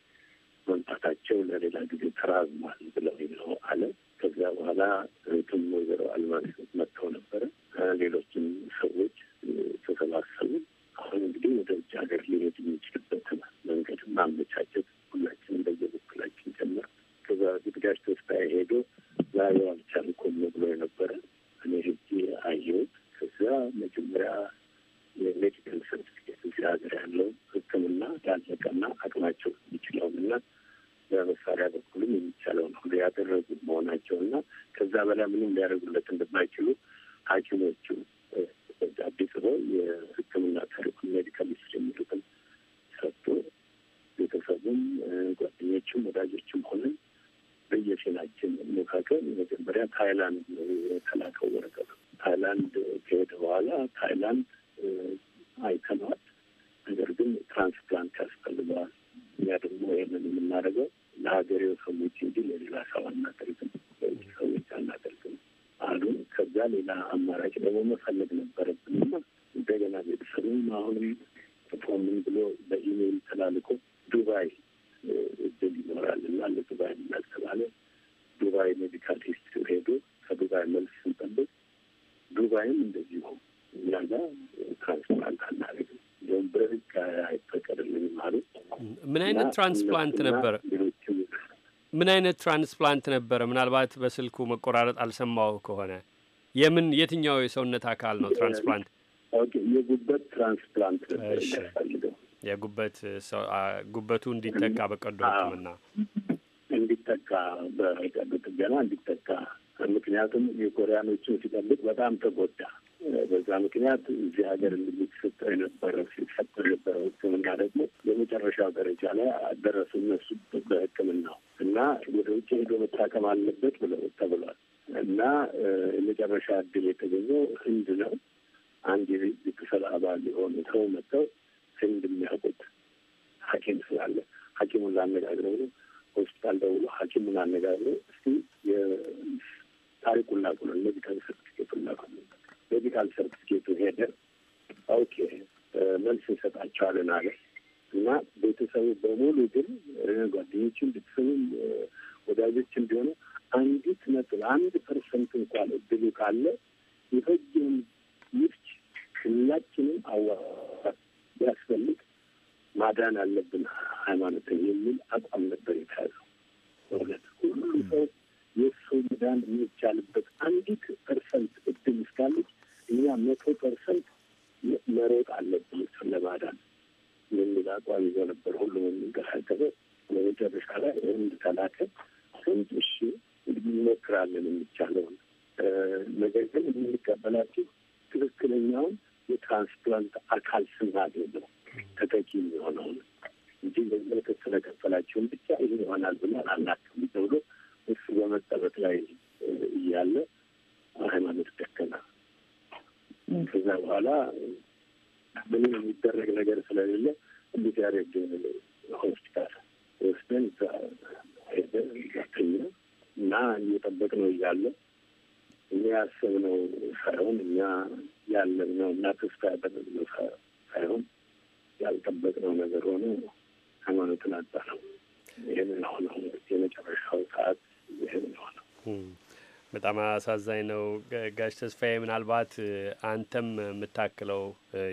S8: መምጣታቸው ለሌላ ጊዜ ተራዝሟል ብለው ነው አለ። ከዚያ በኋላ እህቱም ወይዘሮ አልማዝ መጥተው ነበረ። ሌሎችም ሰዎች ተሰባሰቡ። አሁን እንግዲህ ወደ ውጭ ሀገር ሊሄድ የሚችልበት መንገድ ማመቻቸት ሁላችን በየበኩላችን ጀመር። ከዛ ዝግዳጅ ተስፋ ሄዶ ትራንስፕላንት ነበር?
S1: ምን አይነት ትራንስፕላንት ነበረ? ምናልባት በስልኩ መቆራረጥ አልሰማው ከሆነ የምን የትኛው የሰውነት አካል ነው ትራንስፕላንት?
S8: የጉበት ትራንስፕላንት
S1: ፈልገው የጉበት ጉበቱ እንዲጠቃ በቀዶ ሕክምና
S8: እንዲጠቃ በቀዶ ጥገና እንዲጠቃ። ምክንያቱም የኮሪያኖችን ሲጠብቅ በጣም ተጎዳ። በዛ ምክንያት እዚህ ሀገር ተሰጠው የነበረ ሲሰጠው የነበረ ሕክምና ደግሞ የመጨረሻው ደረጃ ላይ ደረሱ እነሱ በሕክምናው እና ወደ ውጭ ሄዶ መታከም አለበት ብለው ተብሏል እና የመጨረሻ እድል የተገኘው ህንድ ነው። አንድ የቤት የቤተሰብ አባል የሆኑ ሰው መጥተው ህንድ የሚያውቁት ሐኪም ስላለ ሐኪሙን ላነጋግረው ነው ሆስፒታል ደውሎ ሐኪሙን አነጋግረው እስቲ የታሪኩን ላኩ ነው ሜዲካል ሰርቲፊኬቱን ላኩ ሜዲካል ሰርቲፊኬቱ ሄደ ኦኬ መልስ እንሰጣቸዋለን አለ እና ቤተሰቡ በሙሉ ግን ጓደኞችን ቤተሰቡም ወዳጆች እንዲሆኑ አንዲት ነጥብ አንድ ፐርሰንት እንኳን እድሉ ካለ የፈጅም ምርች ሁላችንም አዋ ቢያስፈልግ ማዳን አለብን ሃይማኖት የሚል አቋም ነበር የተያዘው። በእውነት ሁሉ ሰው የእሱ መዳን የሚቻልበት አንዲት ፐርሰንት እድል እስካለች እኛ መቶ ፐርሰንት መሮጥ አለብን ለማዳን የሚል አቋም ይዞ ነበር ሁሉም የሚንቀሳቀሰው። በመጨረሻ ላይ ህንድ ተላከ። ህንድ እሺ እንግዲህ እንሞክራለን የሚቻለውን ነገር ግን የምንቀበላችሁ ትክክለኛውን የትራንስፕላንት አካል ስናገኝ ነው ተጠቂ የሚሆነውን እንጂ በምልክት ስለከፈላችሁን ብቻ ይህ ይሆናል ብለን አናውቅም ተብሎ እሱ በመጠበቅ ላይ እያለ ሃይማኖት ደከና ከዛ በኋላ ምንም የሚደረግ ነገር ስለሌለ እንዴት ያደግ ሆስፒታል ወስደን ሄደ ተኛ እና እየጠበቅ ነው እያለ እኛ ያሰብነው ሳይሆን እኛ ያለብነው እና ተስፋ ያደረግነው ሳይሆን ያልጠበቅነው ነገር ሆኖ ሃይማኖትን አጣ ነው። ይህንን ሆነ የመጨረሻው
S1: ሰዓት ይህንን ሆነ። በጣም አሳዛኝ ነው። ጋሽ ተስፋዬ ምናልባት አንተም የምታክለው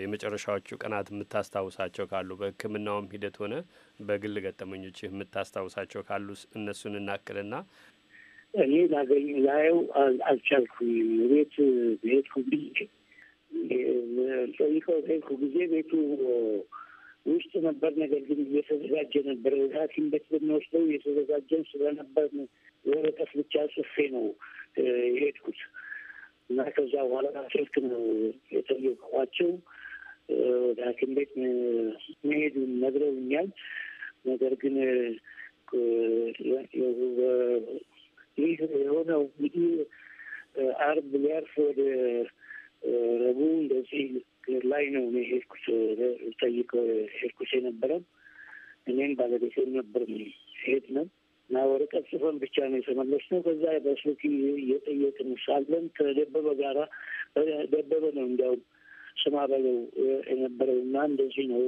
S1: የመጨረሻዎቹ ቀናት የምታስታውሳቸው ካሉ በሕክምናውም ሂደት ሆነ በግል ገጠመኞች የምታስታውሳቸው ካሉ እነሱን እናክልና።
S7: እኔ ላገኝ ላየው አልቻልኩኝም። ቤት ቤቱ ጠይቀው ሄድኩ ጊዜ ቤቱ ውስጥ ነበር። ነገር ግን እየተዘጋጀ ነበር። ሐኪም ቤት ብንወስደው እየተዘጋጀን ስለነበር ወረቀት ብቻ ጽፌ ነው የሄድኩት እና ከዛ በኋላ ስልክ ነው የጠየቅኳቸው። ወደ ሐኪም ቤት መሄዱን ነግረውኛል። ነገር ግን ይህ የሆነው እንግዲህ አርብ ሊያርፍ ወደ ረቡዕ እንደዚህ ላይ ነው ሄድኩት ጠይቀው ሄድኩት የነበረው እኔም ባለቤቴ ነበር ሄድ ነው እና ወረቀት ጽፈን ብቻ ነው የተመለስ ነው። ከዛ በስልክ እየጠየቅን ሳለን ከደበበ ጋራ ደበበ ነው እንዲያውም ስማ በለው የነበረው እና እንደዚህ ነው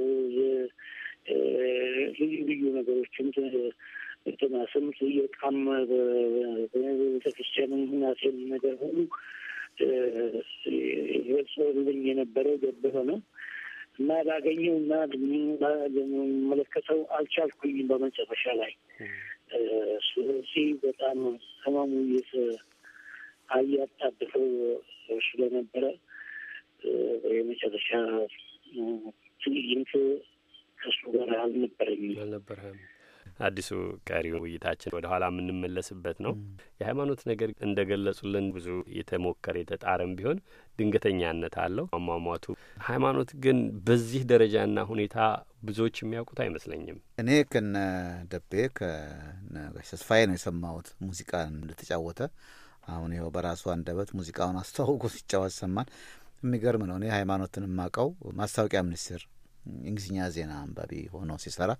S7: ልዩ ልዩ ነገሮችን ትናስም እየቃም ቤተክርስቲያንም ምናሴል ነገር ሁሉ ይወጽልኝ የነበረው ደበበ ነው እና ላገኘው እና ልመለከተው አልቻልኩኝም በመጨረሻ ላይ ስለዚህ በጣም ህመሙ እያጣደፈው ስለነበረ የመጨረሻ ትዕይንት ከሱ ጋር አልነበረኝም።
S1: አዲሱ ቀሪው ውይይታችን ወደ ኋላ የምንመለስበት ነው። የሃይማኖት ነገር እንደ ገለጹልን ብዙ የተሞከረ የተጣረም ቢሆን ድንገተኛነት አለው አሟሟቱ። ሃይማኖት ግን በዚህ ደረጃና ሁኔታ ብዙዎች የሚያውቁት አይመስለኝም።
S4: እኔ ከነ ደቤ ከነ ጋሽ ተስፋዬ ነው የሰማሁት ሙዚቃ እንደተጫወተ። አሁን ይኸው በራሱ አንደበት ሙዚቃውን አስተዋውቆ ሲጫወት ሰማን። የሚገርም ነው። እኔ ሃይማኖትን የማውቀው ማስታወቂያ ሚኒስቴር የእንግሊዝኛ ዜና አንባቢ ሆኖ ሲሰራ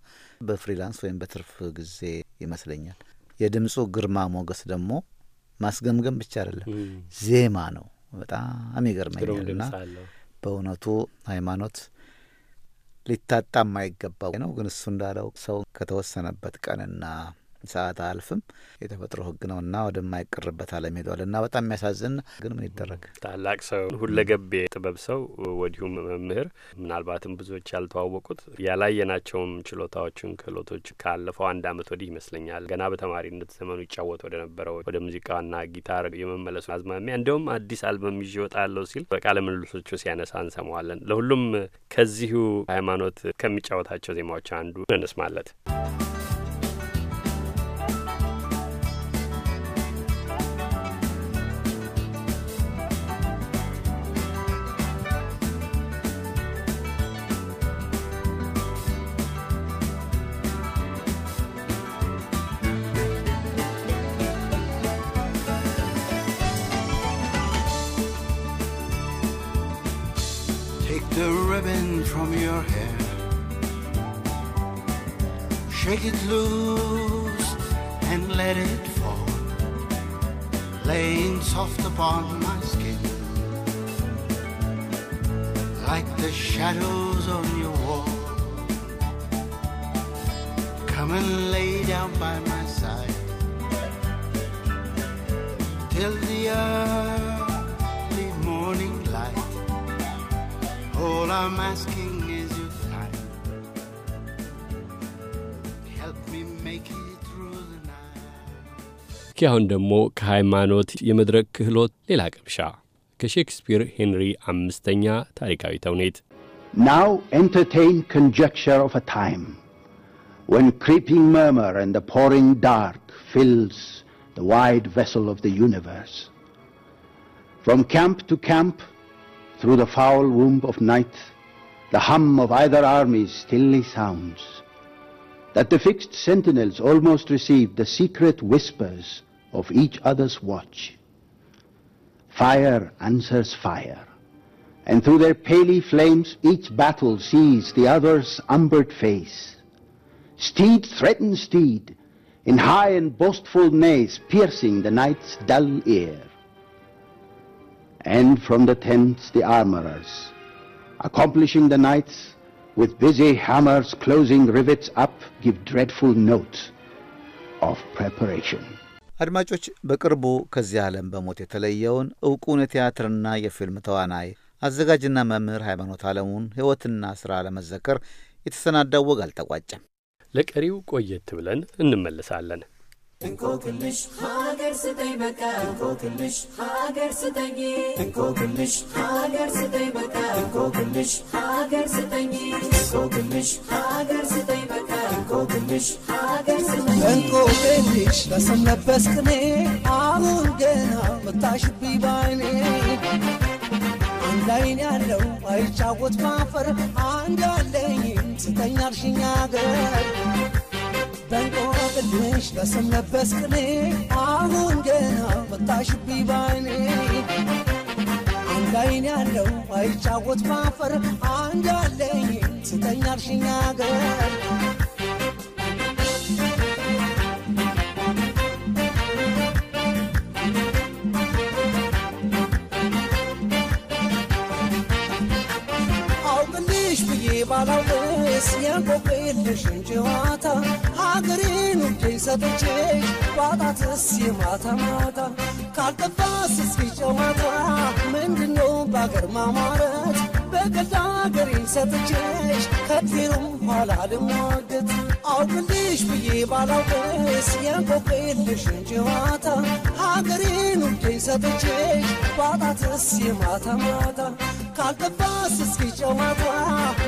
S4: በፍሪላንስ ወይም በትርፍ ጊዜ ይመስለኛል። የድምፁ ግርማ ሞገስ ደግሞ ማስገምገም ብቻ አይደለም፣ ዜማ ነው። በጣም ይገርመኛልና በእውነቱ ሃይማኖት ሊታጣ የማይገባው ነው። ግን እሱ እንዳለው ሰው ከተወሰነበት ቀንና ሰዓት አልፍም የተፈጥሮ ህግ ነው እና ወደማይቀርበት አለም ሄደዋል እና በጣም የሚያሳዝን ግን ምን ይደረግ።
S1: ታላቅ ሰው፣ ሁለገብ ጥበብ ሰው፣ ወዲሁም መምህር፣ ምናልባትም ብዙዎች ያልተዋወቁት ያላየናቸውም ችሎታዎችን ክህሎቶች ካለፈው አንድ አመት ወዲህ ይመስለኛል ገና በተማሪነት ዘመኑ ይጫወት ወደ ነበረው ወደ ሙዚቃና ጊታር የመመለሱ አዝማሚያ እንደውም አዲስ አልበም ይዤ እወጣለሁ ሲል በቃለ ምልልሶቹ ሲያነሳ እንሰማዋለን። ለሁሉም ከዚሁ ሃይማኖት ከሚጫወታቸው ዜማዎች አንዱ እንስማለት።
S2: Shake it loose and let it fall, laying soft upon my skin, like the shadows on your wall. Come and lay down by my side till the early morning light. All I'm asking
S1: እስኪ አሁን ደግሞ ከሃይማኖት የመድረክ ክህሎት ሌላ ቅምሻ ከሼክስፒር ሄንሪ አምስተኛ ታሪካዊ ተውኔት
S2: ናው ኤንተርቴይን ኮንጀክቸር ኦፍ አ ታይም ወን ክሪፒንግ መርመር ኤንድ ዘ ፖሪንግ ዳርክ ፊልስ ዘ ዋይድ ቬስል ኦፍ ዘ ዩኒቨርስ ፍሮም ካምፕ ቱ ካምፕ through the foul womb of night, the hum of either army's stilly sounds that the fixed sentinels almost received the secret whispers of each other's watch. Fire answers fire, and through their paly flames each battle sees the other's umbered face. Steed threatens steed, in high and boastful neighs piercing the night's dull ear. And from the tents the armorers, accomplishing the night's with busy hammers closing rivets up give dreadful note
S4: of preparation። አድማጮች በቅርቡ ከዚህ ዓለም በሞት የተለየውን ዕውቁን የቲያትርና የፊልም ተዋናይ አዘጋጅና መምህር ሃይማኖት ዓለሙን ሕይወትና ሥራ ለመዘከር የተሰናዳው ወግ አልተቋጨም። ለቀሪው ቆየት ብለን እንመለሳለን።
S10: እንቆቅልሽ ሀገር ስጠኝ በቃ እንቆቅልሽ ሀገር ስጠኝ እንቆቅልሽ ሀገር ስጠኝ በቃ እንቆቅልሽ ሀገር ስጠኝ እንቆቅልሽ ሀገር ስጠኝ በቃ እንቆቅልሽ ሀገር ስጠኝ እንቆቅልሽ በሰነበት ቅኔ አሁን ገና መታሽቢ ባይኔ አንድ ያለው አይጫወት ባፈር አንድ አለኝም ስተኛ ደንቆቅልሽ በስም ለበስ ቅኔ አሁን ገና መጣሽቢ ባይኔ አንድ አይን ያለው አይጫወት ማፈር አንድ ያለኝ ስተኛ አልሽኝ አውቅልሽ ብዬ ባላውቅስ የቆቅልሽን ጨዋታ ሀገሬን ሰጥቼ ባጣትስ የማታ ማታ ካልጠፋስ እስኪ ጨዋታ ምንድነው በአገር ማማረት በገዛ ሀገሬን ሰጥቼሽ ከዜሩም ኋላ ልሟገት አውቅልሽ ብዬ ባላውቅስ የቆቄልሽን ጨዋታ ሀገሬን ውዴን ሰጥቼሽ ባጣትስ የማታ ማታ ካልጠፋስ እስኪ ጨዋታ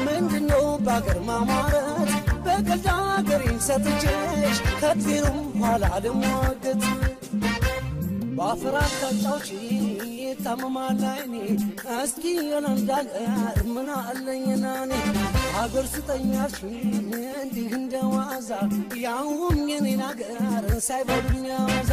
S10: ምንድነው በአገር ማማረት በቀልድ አገሬን ሰጥቼሽ ከጥፊሩም ኋላ ልሞግት በአፈር አታጫውጪ ይታመማል ዓይኔ እስኪ የለንዳል ምን አለኝና እኔ አገር ስጠኛሽ እንዲህ እንደዋዛ ያውም የኔን አገር ሳይበሉኝ ያዋዛ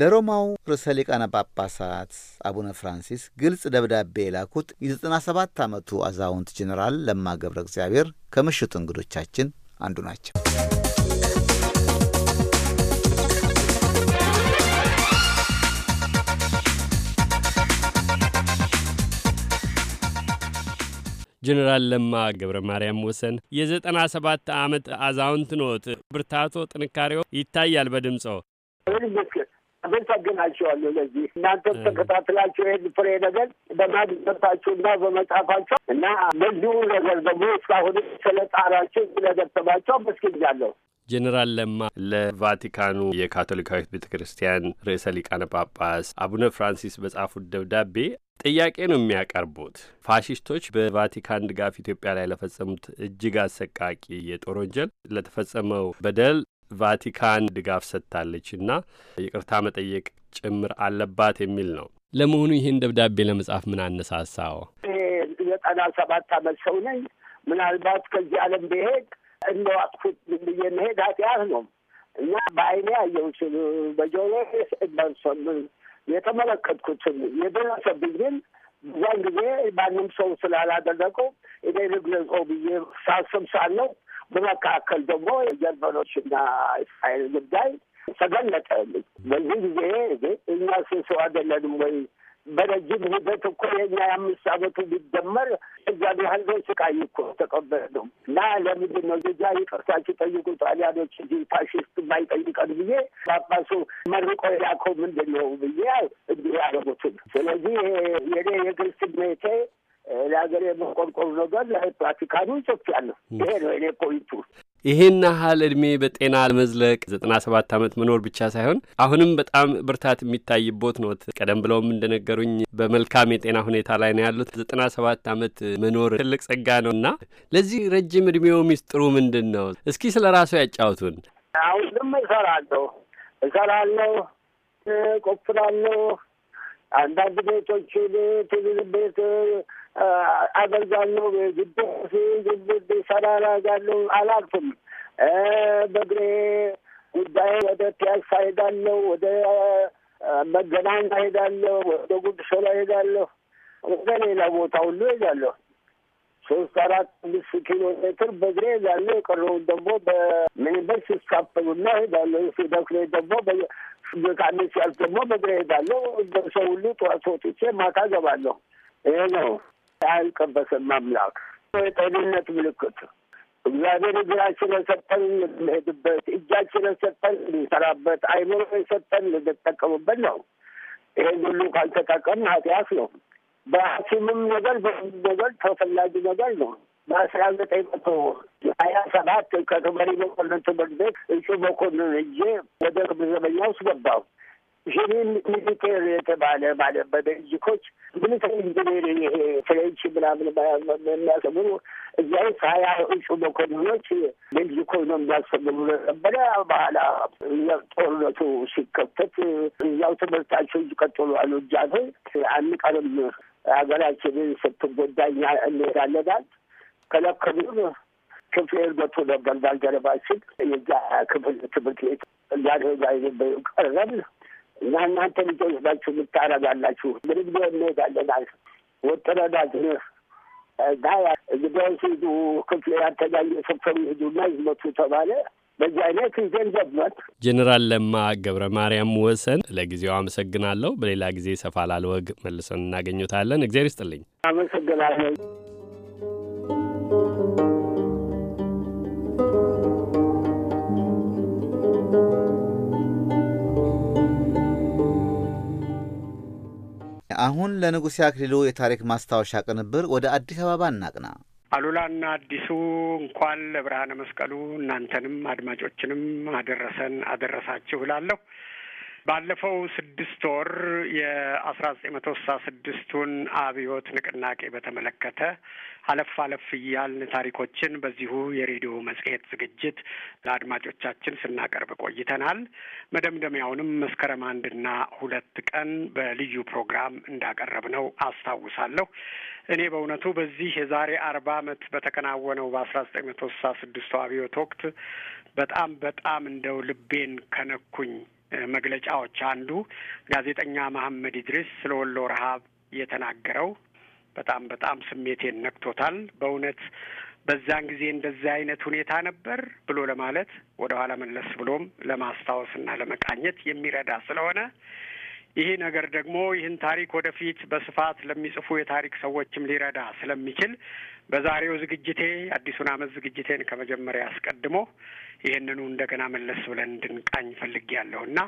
S4: ለሮማው ርዕሰ ሊቃነ ጳጳሳት አቡነ ፍራንሲስ ግልጽ ደብዳቤ የላኩት የ97 ዓመቱ አዛውንት ጄኔራል ለማ ገብረ እግዚአብሔር ከምሽቱ እንግዶቻችን አንዱ ናቸው።
S1: ጀኔራል ለማ ገብረ ማርያም ወሰን የዘጠና ሰባት ዓመት አዛውንት ኖት። ብርታቶ ጥንካሬው ይታያል በድምጾ
S5: አመሰግናቸዋለሁ። ለዚህ እናንተ ተከታትላቸው ይህን ፍሬ ነገር በማድመጣችሁ እና በመጻፋቸው እና በዚሁ ነገር ደግሞ እስካሁን ስለጣራቸው ስለደተባቸው አመስግኛለሁ።
S1: ጀኔራል ለማ ለቫቲካኑ የካቶሊካዊት ቤተ ክርስቲያን ርዕሰ ሊቃነ ጳጳስ አቡነ ፍራንሲስ በጻፉት ደብዳቤ ጥያቄ ነው የሚያቀርቡት። ፋሽስቶች በቫቲካን ድጋፍ ኢትዮጵያ ላይ ለፈጸሙት እጅግ አሰቃቂ የጦር ወንጀል ለተፈጸመው በደል ቫቲካን ድጋፍ ሰጥታለች ሰጥታለችና ይቅርታ መጠየቅ ጭምር አለባት የሚል ነው። ለመሆኑ ይህን ደብዳቤ ለመጻፍ ምን አነሳሳው?
S5: እኔ ዘጠና ሰባት አመት ሰው ነኝ። ምናልባት ከዚህ ዓለም ብሄድ እንደው ብዬ መሄድ ኃጢአት ነው እና በአይኔ ያየሁት በጆሮ የተመለከትኩትን የደረሰብኝ ግን ብዛን ጊዜ ማንም ሰው ስላላደረገው እኔ ልግለጸው ብዬ ሳስብ ሳለው በመካከል ደግሞ የጀርመኖችና እስራኤል ጉዳይ ተገለጠ። በዚህ ጊዜ እኛ ስንሰው አይደለንም ወይ? በረጅም ሂደት እኮ የኛ የአምስት ዓመቱ ቢደመር እዛን ያህል ነው። ስቃይ እኮ ተቀበል ነው እና ለምንድን ነው ዜጃ ይቅርታችሁ ጠይቁ ጣሊያኖች እ ፋሽስት ባይጠይቀን ብዬ ጳጳሱ መርቆ ያከው ምንድን ነው ብዬ እንዲህ ያደረጉትን። ስለዚህ የኔ የግል ስሜቴ ለሀገር የመቆርቆሩ ነገር ላይ ኢትዮጵያ ነው። ይሄ ነው እኔ ፖይንቱ።
S1: ይህን ያህል እድሜ በጤና ለመዝለቅ ዘጠና ሰባት ዓመት መኖር ብቻ ሳይሆን አሁንም በጣም ብርታት የሚታይቦት ኖት። ቀደም ብለውም እንደነገሩኝ በመልካም የጤና ሁኔታ ላይ ነው ያሉት። ዘጠና ሰባት ዓመት መኖር ትልቅ ጸጋ ነው እና ለዚህ ረጅም እድሜው ሚስጥሩ ምንድን ነው? እስኪ ስለ ራሱ ያጫውቱን።
S5: አሁንም እሰራለሁ እሰራለሁ፣ ቆፍራለሁ አንዳንድ ቤቶችን ትልል ቤት አደርጋለሁ። ግዴ ግድ ሰራራ ጋለሁ በእግሬ ጉዳይ ወደ ፒያሳ ሄዳለሁ፣ ወደ መገናኛ ሄዳለሁ፣ ወደ ጉድ ሾላ ሄዳለሁ፣ ወደ ሌላ ቦታ ሁሉ ሄዳለሁ። ሶስት አራት አምስት ኪሎ ሜትር በእግሬ ሄዳለሁ። የቀረውን ደግሞ በሚኒበስ ይስካፈሉና ሄዳለሁ። ሲደክሌ ደግሞ በቃሜ ሲያልፍ ደግሞ በእግሬ ሄዳለሁ። ሰው ሁሉ ጠዋት ወጥቼ ማታ ገባለሁ። ይሄ ነው። አያንቀበሰም አምላክ የጤንነት ምልክት እግዚአብሔር እግራችን ሰጠን እንድንሄድበት፣ እጃችን ሰጠን እንድንሰራበት፣ አይምሮ ሰጠን እንድንጠቀምበት ነው። ይህን ሁሉ ካልተጠቀም ኃጢአት ነው። በሐኪምም ነገር በሁሉ ነገር ተፈላጊ ነገር ነው። በአስራ ዘጠኝ መቶ ሀያ ሰባት ከተመሪ መኮንን ትምህርት ቤት እጩ መኮንን እጄ ወደ ክብር ዘበኛ ውስጥ ገባሁ። ሄንሪክ ሚሊቴር የተባለ ባለ በደጅኮች ሚሊተሪ ኢንጂኔር ይሄ ፍሬንች ምናምን የሚያሰምሩ እዚያው ሀያ እጩ መኮንኖች ሜክሲኮ ነው የሚያሰምሩ ነበረ። በኋላ ጦርነቱ ሲከተት እዚያው ትምህርታቸው ይቀጥሉ አሉ። እጃቶ አንቀርም፣ ሀገራችንን ስትጎዳ እኛ እንሄዳለናል ከለከሉን። ክፍል መቶ ነበር ባልደረባችን የዛ ክፍል ትምህርት ቤት እንዳንሄድ አይነበ ቀረብ እና እናንተ ልጆች ናችሁ የምታረጋላችሁ ምን ጊዜ እንሄዳለን ወጥረናት ነህ እንግዲያውስ ሂዱ ክፍል ያተጋየ ሰፈሩ ሂዱና ይመቱ ተባለ። በዚህ አይነት ገንዘብ መት
S1: ጀኔራል ለማ ገብረ ማርያም ወሰን ለጊዜው አመሰግናለሁ። በሌላ ጊዜ ሰፋ ላለ ወግ መልሰን እናገኙታለን። እግዚአብሔር ይስጥልኝ።
S5: አመሰግናለሁ።
S4: አሁን ለንጉሴ አክሊሉ የታሪክ ማስታወሻ ቅንብር ወደ አዲስ አበባ እናቅና።
S11: አሉላና አዲሱ እንኳን ለብርሃነ መስቀሉ እናንተንም አድማጮችንም አደረሰን አደረሳችሁ እላለሁ። ባለፈው ስድስት ወር የአስራ ዘጠኝ መቶ ስልሳ ስድስቱን አብዮት ንቅናቄ በተመለከተ አለፍ አለፍ እያልን ታሪኮችን በዚሁ የሬዲዮ መጽሔት ዝግጅት ለአድማጮቻችን ስናቀርብ ቆይተናል። መደምደሚያውንም መስከረም አንድና ሁለት ቀን በልዩ ፕሮግራም እንዳቀረብ ነው አስታውሳለሁ። እኔ በእውነቱ በዚህ የዛሬ አርባ ዓመት በተከናወነው በአስራ ዘጠኝ መቶ ስልሳ ስድስቱ አብዮት ወቅት በጣም በጣም እንደው ልቤን ከነኩኝ መግለጫዎች አንዱ ጋዜጠኛ መሐመድ ኢድሪስ ስለ ወሎ ረሀብ የተናገረው በጣም በጣም ስሜቴን ነክቶታል። በእውነት በዛን ጊዜ እንደዚህ አይነት ሁኔታ ነበር ብሎ ለማለት ወደ ኋላ መለስ ብሎም ለማስታወስና ለመቃኘት የሚረዳ ስለሆነ ይህ ነገር ደግሞ ይህን ታሪክ ወደፊት በስፋት ለሚጽፉ የታሪክ ሰዎችም ሊረዳ ስለሚችል በዛሬው ዝግጅቴ አዲሱን ዓመት ዝግጅቴን ከመጀመሪያ አስቀድሞ ይህንኑ እንደገና መለስ ብለን እንድንቃኝ ፈልጌያለሁ እና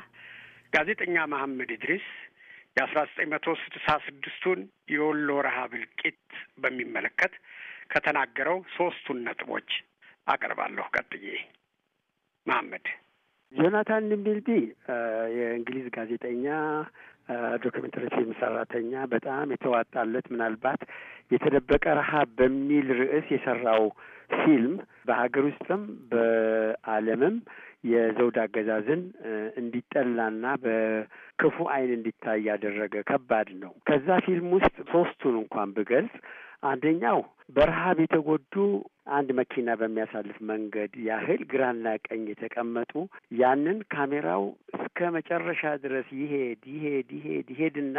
S11: ጋዜጠኛ መሐመድ ኢድሪስ የአስራ ዘጠኝ መቶ ስድሳ ስድስቱን የወሎ ረሃብ እልቂት በሚመለከት ከተናገረው ሶስቱን ነጥቦች አቀርባለሁ። ቀጥዬ መሐመድ
S3: ጆናታን ድንቢልቢ የእንግሊዝ ጋዜጠኛ ዶክመንተሪ ፊልም ሰራተኛ በጣም የተዋጣለት ምናልባት የተደበቀ ረሃ በሚል ርዕስ የሰራው ፊልም በሀገር ውስጥም በዓለምም የዘውድ አገዛዝን እንዲጠላና በክፉ ዓይን እንዲታይ ያደረገ ከባድ ነው። ከዛ ፊልም ውስጥ ሶስቱን እንኳን ብገልጽ አንደኛው በረሃብ የተጎዱ አንድ መኪና በሚያሳልፍ መንገድ ያህል ግራና ቀኝ የተቀመጡ ያንን ካሜራው እስከ መጨረሻ ድረስ ይሄድ ይሄድ ይሄድ ይሄድና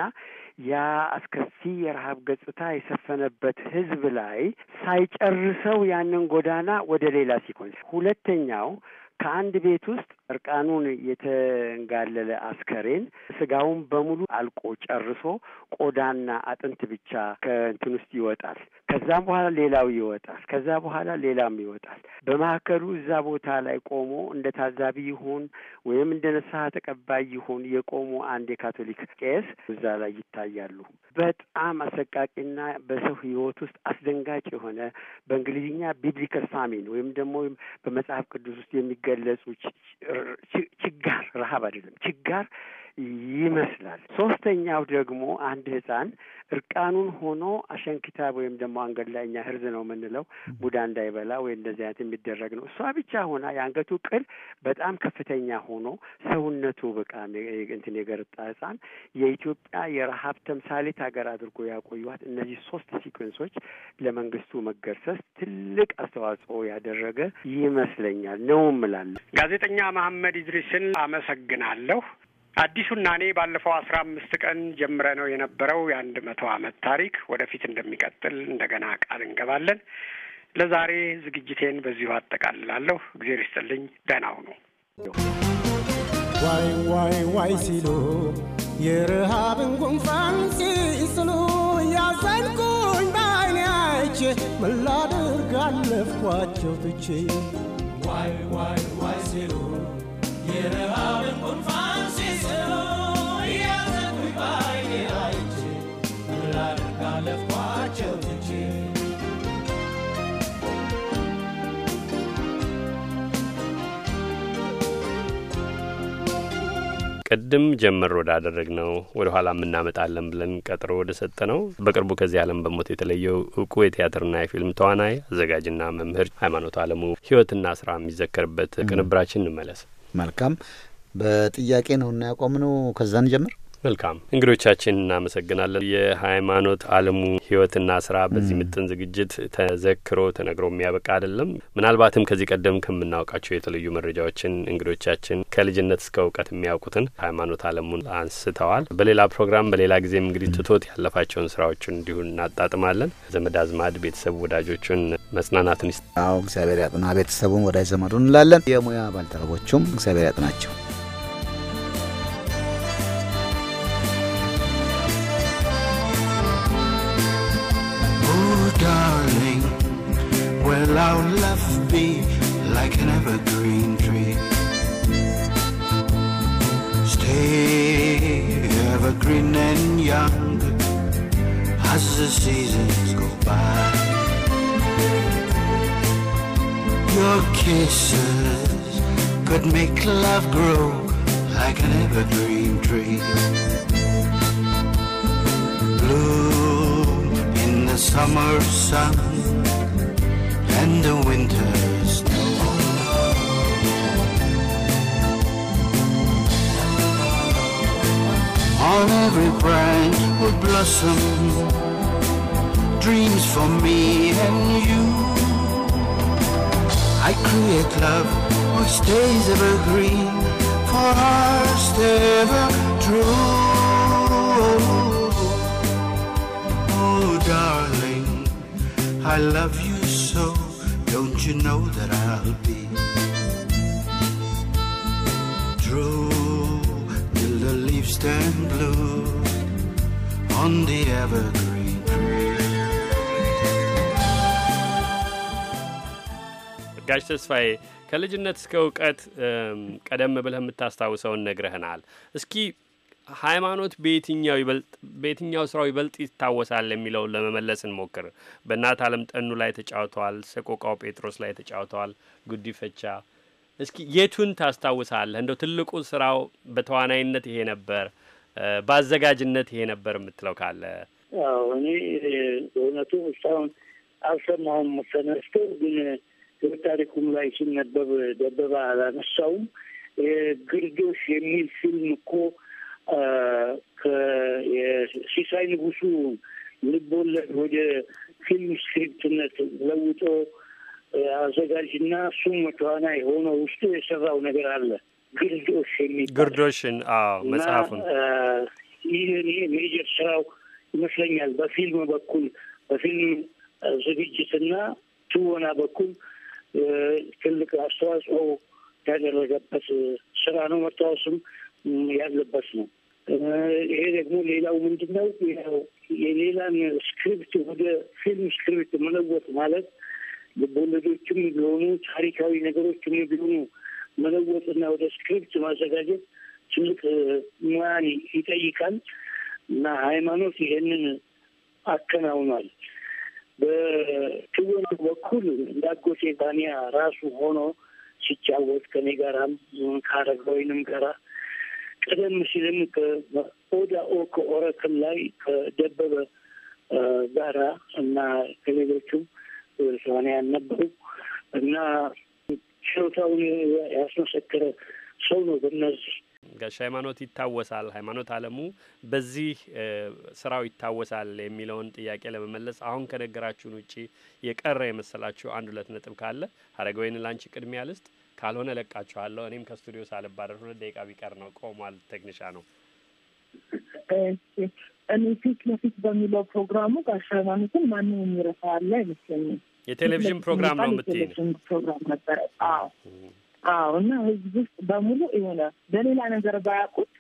S3: ያ አስከፊ የረሃብ ገጽታ የሰፈነበት ህዝብ ላይ ሳይጨርሰው ያንን ጎዳና ወደ ሌላ ሲኮንስ ሁለተኛው ከአንድ ቤት ውስጥ እርቃኑን የተንጋለለ አስከሬን ስጋውን በሙሉ አልቆ ጨርሶ ቆዳና አጥንት ብቻ ከእንትን ውስጥ ይወጣል። ከዛም በኋላ ሌላው ይወጣል። ከዛ በኋላ ሌላም ይወጣል። በማዕከሉ እዛ ቦታ ላይ ቆሞ እንደ ታዛቢ ይሁን ወይም እንደ ንስሐ ተቀባይ ይሁን የቆሙ አንድ የካቶሊክ ቄስ እዛ ላይ ይታያሉ። በጣም አሰቃቂና በሰው ሕይወት ውስጥ አስደንጋጭ የሆነ በእንግሊዝኛ ቢብሊካል ፋሚን ወይም ደግሞ በመጽሐፍ ቅዱስ ውስጥ የሚገ የገለጹ ችጋር ረሀብ አይደለም ችጋር ይመስላል። ሶስተኛው ደግሞ አንድ ህፃን እርቃኑን ሆኖ አሸንክታ ወይም ደግሞ አንገድ ላይ እኛ ህርዝ ነው የምንለው ቡዳ እንዳይበላ ወይ እንደዚህ አይነት የሚደረግ ነው። እሷ ብቻ ሆና የአንገቱ ቅል በጣም ከፍተኛ ሆኖ ሰውነቱ በቃ እንትን የገርጣ ህፃን የኢትዮጵያ የረሀብ ተምሳሌት ሀገር አድርጎ ያቆዩት እነዚህ ሶስት ሲኩንሶች ለመንግስቱ መገርሰስ ትልቅ አስተዋጽኦ ያደረገ ይመስለኛል ነው እምላለሁ።
S11: ጋዜጠኛ መሐመድ ኢድሪስን አመሰግናለሁ። አዲሱና እኔ ባለፈው አስራ አምስት ቀን ጀምረ ነው የነበረው የአንድ መቶ አመት ታሪክ ወደፊት እንደሚቀጥል እንደገና ቃል እንገባለን። ለዛሬ ዝግጅቴን በዚሁ አጠቃልላለሁ። እግዜር ይስጥልኝ። ደህና ነው
S2: ዋይ ዋይ ዋይ ሲሉ የረሃብን ጉንፋን ሲስሉ እያዘንኩኝ በዓይኔ አይቼ ምን አለፍኳቸው ትቼ
S10: ዋይ ዋይ ዋይ ሲሉ የረሃብን ጉንፋን
S1: ቅድም ጀመር ወዳደረግ ነው ወደ ኋላ የምናመጣለን ብለን ቀጥሮ ወደ ሰጠ ነው። በቅርቡ ከዚህ ዓለም በሞት የተለየው እውቁ የቲያትርና የፊልም ተዋናይ አዘጋጅና መምህር ሃይማኖት አለሙ ህይወትና ስራ የሚዘከርበት ቅንብራችን እንመለስ።
S4: መልካም በጥያቄ ነውና ያቆምነው ከዛን ጀምር።
S1: መልካም እንግዶቻችን እናመሰግናለን። የሃይማኖት አለሙ ህይወትና ስራ በዚህ ምጥን ዝግጅት ተዘክሮ ተነግሮ የሚያበቃ አይደለም። ምናልባትም ከዚህ ቀደም ከምናውቃቸው የተለዩ መረጃዎችን እንግዶቻችን ከልጅነት እስከ እውቀት የሚያውቁትን ሃይማኖት አለሙን አንስተዋል። በሌላ ፕሮግራም በሌላ ጊዜም እንግዲህ ትቶት ያለፋቸውን ስራዎችን እንዲሁ እናጣጥማለን። ዘመድ አዝማድ፣ ቤተሰብ ወዳጆቹን መጽናናቱን ይስጥ።
S4: አዎ እግዚአብሔር ያጥና ቤተሰቡን ወዳጅ ዘመዱን እንላለን። የሙያ ባልደረቦቹም እግዚአብሔር ያጥናቸው።
S2: Where our love be like an evergreen tree. Stay evergreen and young as the seasons go by. Your kisses could make love grow like an evergreen tree. Bloom in the summer sun and the winter snow. On every branch will blossom dreams for me and you. I create love which stays evergreen for us ever true. Oh, darling, I love you. Don't you know that I'll be true till the leaves turn blue
S1: on the evergreen tree? ጋሽ ተስፋዬ ከልጅነት እስከ እውቀት ቀደም ብለህ የምታስታውሰውን ነግረህናል። እስኪ ሃይማኖት በየትኛው ይበልጥ በየትኛው ስራው ይበልጥ ይታወሳል የሚለውን ለመመለስ እንሞክር። በእናት አለም ጠኑ ላይ ተጫውተዋል። ሰቆቃው ጴጥሮስ ላይ ተጫውተዋል። ጉዲፈቻ እስኪ የቱን ታስታውሳለህ? እንደው ትልቁ ስራው በተዋናይነት ይሄ ነበር፣ በአዘጋጅነት ይሄ ነበር የምትለው ካለ?
S7: አዎ እኔ በእውነቱ እስካሁን አልሰማሁም ተነስቶ፣ ግን ታሪኩም ላይ ሲነበብ ደበባ አላነሳውም። ግርዶሽ የሚል ፊልም እኮ ከሲሳይ ንጉሱ ልቦለድ ወደ ፊልም ስክሪፕትነት ለውጦ አዘጋጅና እሱም ተዋናይ ሆኖ ውስጡ የሰራው ነገር አለ። ግርዶሽ የሚባል
S1: ግርዶሽን መጽሐፉን
S7: ይህ ሜጀር ስራው ይመስለኛል። በፊልም በኩል በፊልም ዝግጅትና ትወና በኩል ትልቅ አስተዋጽኦ ያደረገበት ስራ ነው። መታወስም ያለበት ነው። ይሄ ደግሞ ሌላው ምንድን ነው የሌላን ስክሪፕት ወደ ፊልም ስክሪፕት መለወጥ ማለት ልቦለዶችም ቢሆኑ ታሪካዊ ነገሮችም ቢሆኑ መለወጥና ወደ ስክሪፕት ማዘጋጀት ትልቅ ሙያን ይጠይቃል እና ሃይማኖት ይሄንን አከናውኗል። በትወና በኩል እንዳጎሴ ባኒያ ራሱ ሆኖ ሲጫወት ከኔ ጋራም ከአረጋዊንም ጋራ ቀደም ሲልም ከኦዳኦ ከኦረክል ላይ ከደበበ ጋራ እና ከሌሎቹም ሰማንያን ነበሩ እና ችሎታውን ያስመሰከረ ሰው ነው። በነዚህ
S1: ጋሽ ሃይማኖት ይታወሳል፣ ሃይማኖት አለሙ በዚህ ስራው ይታወሳል የሚለውን ጥያቄ ለመመለስ አሁን ከነገራችሁን ውጪ የቀረ የመሰላችሁ አንድ ሁለት ነጥብ ካለ ሀረገወይን ላንቺ ቅድሚያ ልስጥ። ካልሆነ ለቃችኋለሁ። እኔም ከስቱዲዮ ሳልባረር ሁለት ደቂቃ ቢቀር ነው ቆሟል። ቴክኒሻ ነው
S9: እኔ ፊት ለፊት በሚለው ፕሮግራሙ ጋሽ ማንም የሚረሳ አለ አይመስለኝም። የቴሌቪዥን ፕሮግራም ነው ምት ፕሮግራም ነበረ። አዎ አዎ። እና ህዝብ ውስጥ በሙሉ የሆነ በሌላ ነገር ባያውቁት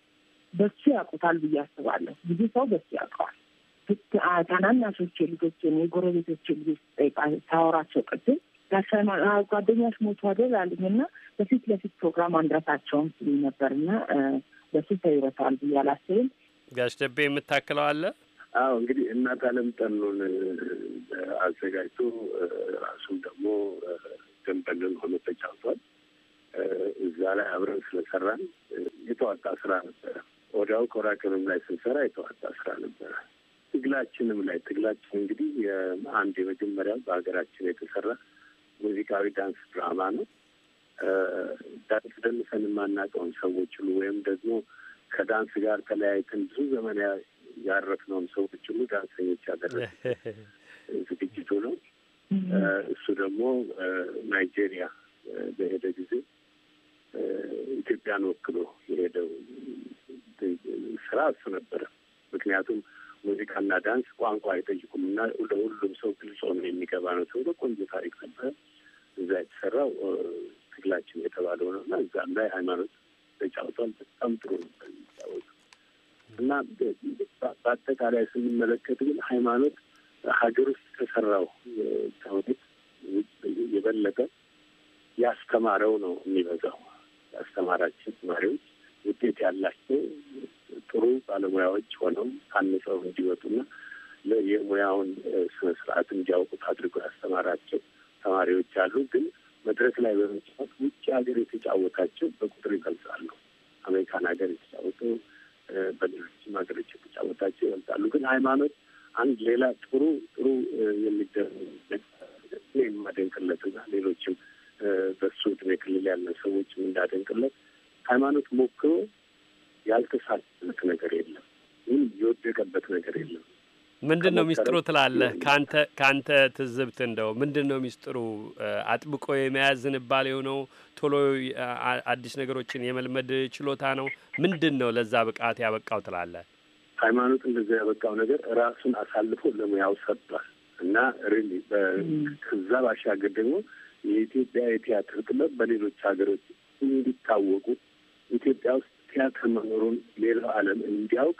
S9: በሱ ያውቁታል ብዬ አስባለሁ። ብዙ ሰው በሱ ያውቀዋል። ታናናሾች ልጆች፣ የጎረቤቶች ልጆች ጠይቃ ሳወራቸው ቅድም ጓደኛሽ ሞቱ አይደል አሉኝ እና በፊት ለፊት ፕሮግራም አንድረሳቸውም ስሉ ነበር እና በሱ ተይረታል ብዬ አላስብም።
S1: ጋሽ ደቤ የምታክለው አለ? አዎ እንግዲህ እናት አለም ጠኑን አዘጋጅቶ
S8: ራሱም ደግሞ ደንበልን ሆኖ ተጫውቷል። እዛ ላይ አብረን ስለሰራን የተዋጣ ስራ ነበረ። ወዲያው ኮራክርም ላይ ስንሰራ የተዋጣ ስራ ነበረ። ትግላችንም ላይ ትግላችን እንግዲህ አንድ የመጀመሪያ በሀገራችን የተሰራ ሙዚቃዊ ዳንስ ድራማ ነው። ዳንስ ደንሰን የማናውቀውን ሰዎች ሁሉ ወይም ደግሞ ከዳንስ ጋር ተለያይተን ብዙ ዘመን ያረፍነውን ሰዎች ሁሉ ዳንሰኞች ያደረገ ዝግጅቱ ነው። እሱ ደግሞ ናይጄሪያ በሄደ ጊዜ ኢትዮጵያን ወክሎ የሄደው ስራ እሱ ነበረ። ምክንያቱም ሙዚቃና ዳንስ ቋንቋ አይጠይቁም እና ለሁሉም ሰው ግልጾ ነው የሚገባ ነው ተብሎ ቆንጆ ታሪክ ነበረ። እዛ የተሰራው ትግላችን የተባለው ነው እና እዛም ላይ ሃይማኖት ተጫውቷል። በጣም ጥሩ ነበር እና በአጠቃላይ ስንመለከት ግን ሃይማኖት ሀገር ውስጥ ከሰራው ተውኔት የበለጠ ያስተማረው ነው የሚበዛው። ያስተማራችን ተማሪዎች ውጤት ያላቸው ጥሩ ባለሙያዎች ሆነው ታንጸው እንዲወጡና የሙያውን ስነ ስርዓት እንዲያውቁት አድርጎ ያስተማራቸው ተማሪዎች አሉ። ግን መድረክ ላይ በመጫወት ውጭ ሀገር የተጫወታቸው በቁጥር ይገልጻሉ። አሜሪካን ሀገር የተጫወቱ በሌሎችም ሀገሮች የተጫወታቸው ይገልጻሉ። ግን ሃይማኖት አንድ ሌላ ጥሩ ጥሩ የሚደረግ የማደንቅለትና ሌሎችም በሱ ዕድሜ ክልል ያለ ሰዎችም እንዳደንቅለት ሃይማኖት ሞክሮ ያልተሳለት ነገር የለም። ምን የወደቀበት ነገር የለም።
S1: ምንድን ነው ሚስጥሩ ትላለህ? ከአንተ ትዝብት እንደው ምንድን ነው ሚስጥሩ? አጥብቆ የመያዝ ዝንባሌው ነው? ቶሎ አዲስ ነገሮችን የመልመድ ችሎታ ነው? ምንድን ነው ለዛ ብቃት ያበቃው ትላለህ?
S8: ሃይማኖት እንደዛ ያበቃው ነገር ራሱን አሳልፎ ለሙያው ሰጥቷል እና ከዛ ባሻገር ደግሞ የኢትዮጵያ የቲያትር ጥበብ በሌሎች ሀገሮች እንዲታወቁ ኢትዮጵያ ውስጥ ቲያትር መኖሩን ሌላው ዓለም እንዲያውቅ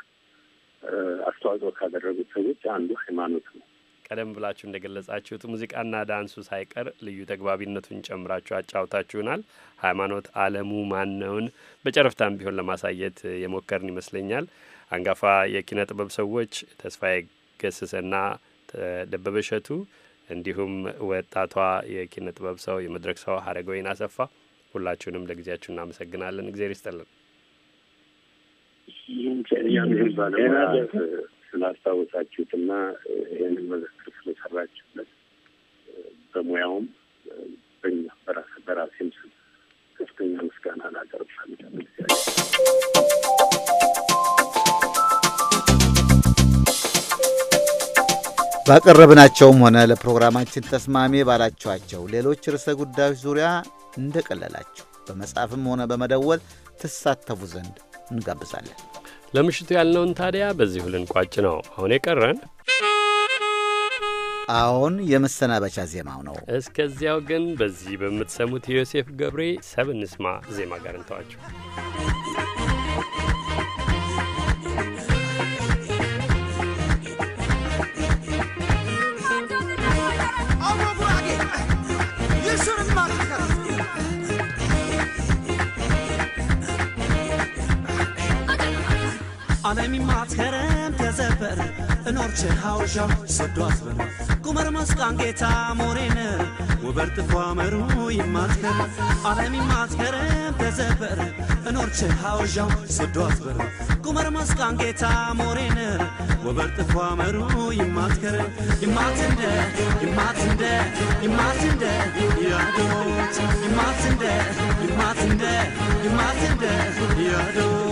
S8: አስተዋጽኦ ካደረጉት ሰዎች አንዱ ሃይማኖት ነው።
S1: ቀደም ብላችሁ እንደገለጻችሁት ሙዚቃና ዳንሱ ሳይቀር ልዩ ተግባቢነቱን ጨምራችሁ አጫውታችሁናል። ሃይማኖት አለሙ ማነውን በጨረፍታም ቢሆን ለማሳየት የሞከርን ይመስለኛል። አንጋፋ የኪነ ጥበብ ሰዎች ተስፋዬ ገሰሰና ደበበ እሸቱ እንዲሁም ወጣቷ የኪነ ጥበብ ሰው የመድረክ ሰው ሀረገወይን አሰፋ፣ ሁላችሁንም ለጊዜያችሁ እናመሰግናለን። እግዜር ይስጠልን።
S8: ይህም ባለሙያ ስላስታወሳችሁትና ይህንን መዘክር ስለሰራችሁበት በሙያውም በኛ በራሴም ስም ከፍተኛ ምስጋና ላቀርብ ፈልጋለሁ።
S4: ባቀረብናቸውም ሆነ ለፕሮግራማችን ተስማሚ ባላችኋቸው ሌሎች ርዕሰ ጉዳዮች ዙሪያ እንደቀለላችሁ በመጻፍም ሆነ በመደወል ትሳተፉ ዘንድ እንጋብዛለን።
S1: ለምሽቱ ያልነውን ታዲያ በዚሁ ልንቋጭ ነው። አሁን የቀረን አሁን የመሰናበቻ ዜማው ነው። እስከዚያው ግን በዚህ በምትሰሙት የዮሴፍ ገብሬ ሰብንስማ ዜማ ጋር እንተዋቸው።
S10: ዓለም ይማትከረን ተዘበር እኖርች ሐውሻ ሰዶ አስበር ቁመር መስቃን ጌታ ሞሬነ ወበር ጥፏመሩ ይማትከረ ዓለም ይማትከረን ተዘበር እኖርች ሐውሻ ሰዶ አስበር ቁመር መስቃን ጌታ ሞሬነ ወበር ጥፏመሩ ይማትከረ ይማትንደ ይማትንደ ይማትንደ ያደሮት ይማትንደ ይማትንደ ይማትንደ ያደሮት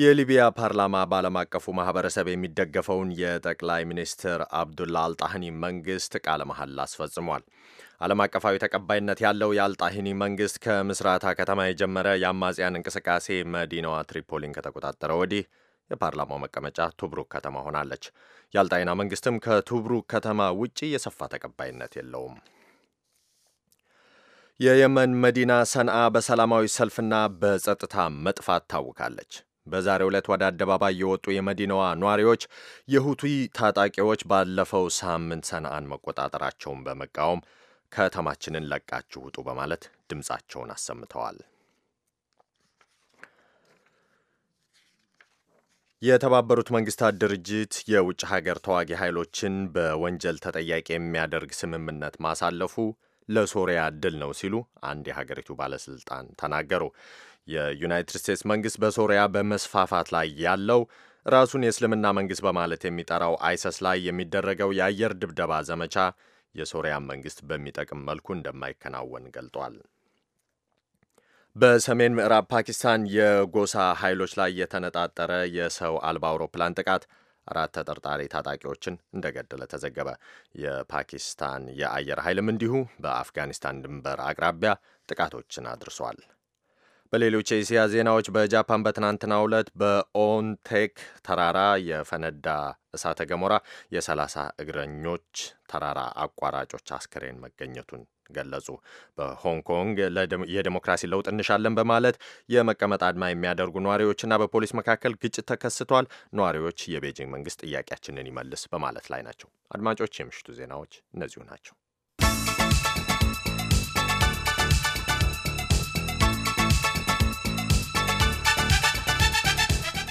S6: የሊቢያ ፓርላማ በዓለም አቀፉ ማህበረሰብ የሚደገፈውን የጠቅላይ ሚኒስትር አብዱላ አልጣህኒ መንግስት ቃለ መሐላ አስፈጽሟል። ዓለም አቀፋዊ ተቀባይነት ያለው የአልጣህኒ መንግስት ከምስራታ ከተማ የጀመረ የአማጽያን እንቅስቃሴ መዲናዋ ትሪፖሊን ከተቆጣጠረ ወዲህ የፓርላማው መቀመጫ ቱብሩክ ከተማ ሆናለች። የአልጣይና መንግስትም ከቱብሩክ ከተማ ውጪ የሰፋ ተቀባይነት የለውም። የየመን መዲና ሰንዓ በሰላማዊ ሰልፍና በጸጥታ መጥፋት ታውካለች። በዛሬ ዕለት ወደ አደባባይ የወጡ የመዲናዋ ነዋሪዎች የሁቱ ታጣቂዎች ባለፈው ሳምንት ሰንዓን መቆጣጠራቸውን በመቃወም ከተማችንን ለቃችሁ ውጡ በማለት ድምፃቸውን አሰምተዋል። የተባበሩት መንግስታት ድርጅት የውጭ ሀገር ተዋጊ ኃይሎችን በወንጀል ተጠያቂ የሚያደርግ ስምምነት ማሳለፉ ለሶሪያ ድል ነው ሲሉ አንድ የሀገሪቱ ባለስልጣን ተናገሩ። የዩናይትድ ስቴትስ መንግስት በሶሪያ በመስፋፋት ላይ ያለው ራሱን የእስልምና መንግስት በማለት የሚጠራው አይሰስ ላይ የሚደረገው የአየር ድብደባ ዘመቻ የሶሪያን መንግስት በሚጠቅም መልኩ እንደማይከናወን ገልጧል። በሰሜን ምዕራብ ፓኪስታን የጎሳ ኃይሎች ላይ የተነጣጠረ የሰው አልባ አውሮፕላን ጥቃት አራት ተጠርጣሪ ታጣቂዎችን እንደገደለ ተዘገበ። የፓኪስታን የአየር ኃይልም እንዲሁ በአፍጋኒስታን ድንበር አቅራቢያ ጥቃቶችን አድርሷል። በሌሎች የእስያ ዜናዎች በጃፓን በትናንትናው ዕለት በኦንቴክ ተራራ የፈነዳ እሳተ ገሞራ የሰላሳ እግረኞች ተራራ አቋራጮች አስክሬን መገኘቱን ገለጹ። በሆንግ ኮንግ የዴሞክራሲ ለውጥ እንሻለን በማለት የመቀመጥ አድማ የሚያደርጉ ነዋሪዎችና በፖሊስ መካከል ግጭት ተከስቷል። ነዋሪዎች የቤጂንግ መንግስት ጥያቄያችንን ይመልስ በማለት ላይ ናቸው። አድማጮች፣ የምሽቱ ዜናዎች እነዚሁ ናቸው።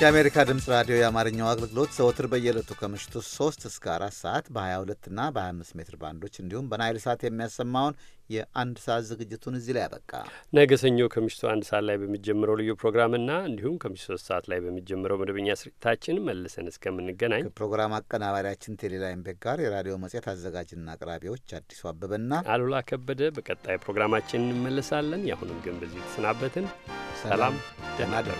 S4: የአሜሪካ ድምፅ ራዲዮ የአማርኛው አገልግሎት ዘወትር በየዕለቱ ከምሽቱ 3 እስከ 4 ሰዓት በ22 እና በ25 ሜትር ባንዶች እንዲሁም በናይል ሰዓት የሚያሰማውን የአንድ ሰዓት ዝግጅቱን እዚህ ላይ ያበቃ።
S1: ነገ ሰኞ ከምሽቱ አንድ ሰዓት ላይ በሚጀምረው ልዩ ፕሮግራምና እንዲሁም ከምሽቱ 3 ሰዓት ላይ በሚጀምረው መደበኛ ስርጭታችን መልሰን እስከምንገናኝ ከፕሮግራም አቀናባሪያችን ቴሌላይምቤክ ጋር የራዲዮ መጽሔት አዘጋጅና አቅራቢዎች አዲሱ አበበና አሉላ ከበደ በቀጣይ ፕሮግራማችን እንመለሳለን። የአሁኑም ግን በዚህ የተሰናበትን። ሰላም ደህና ደሩ።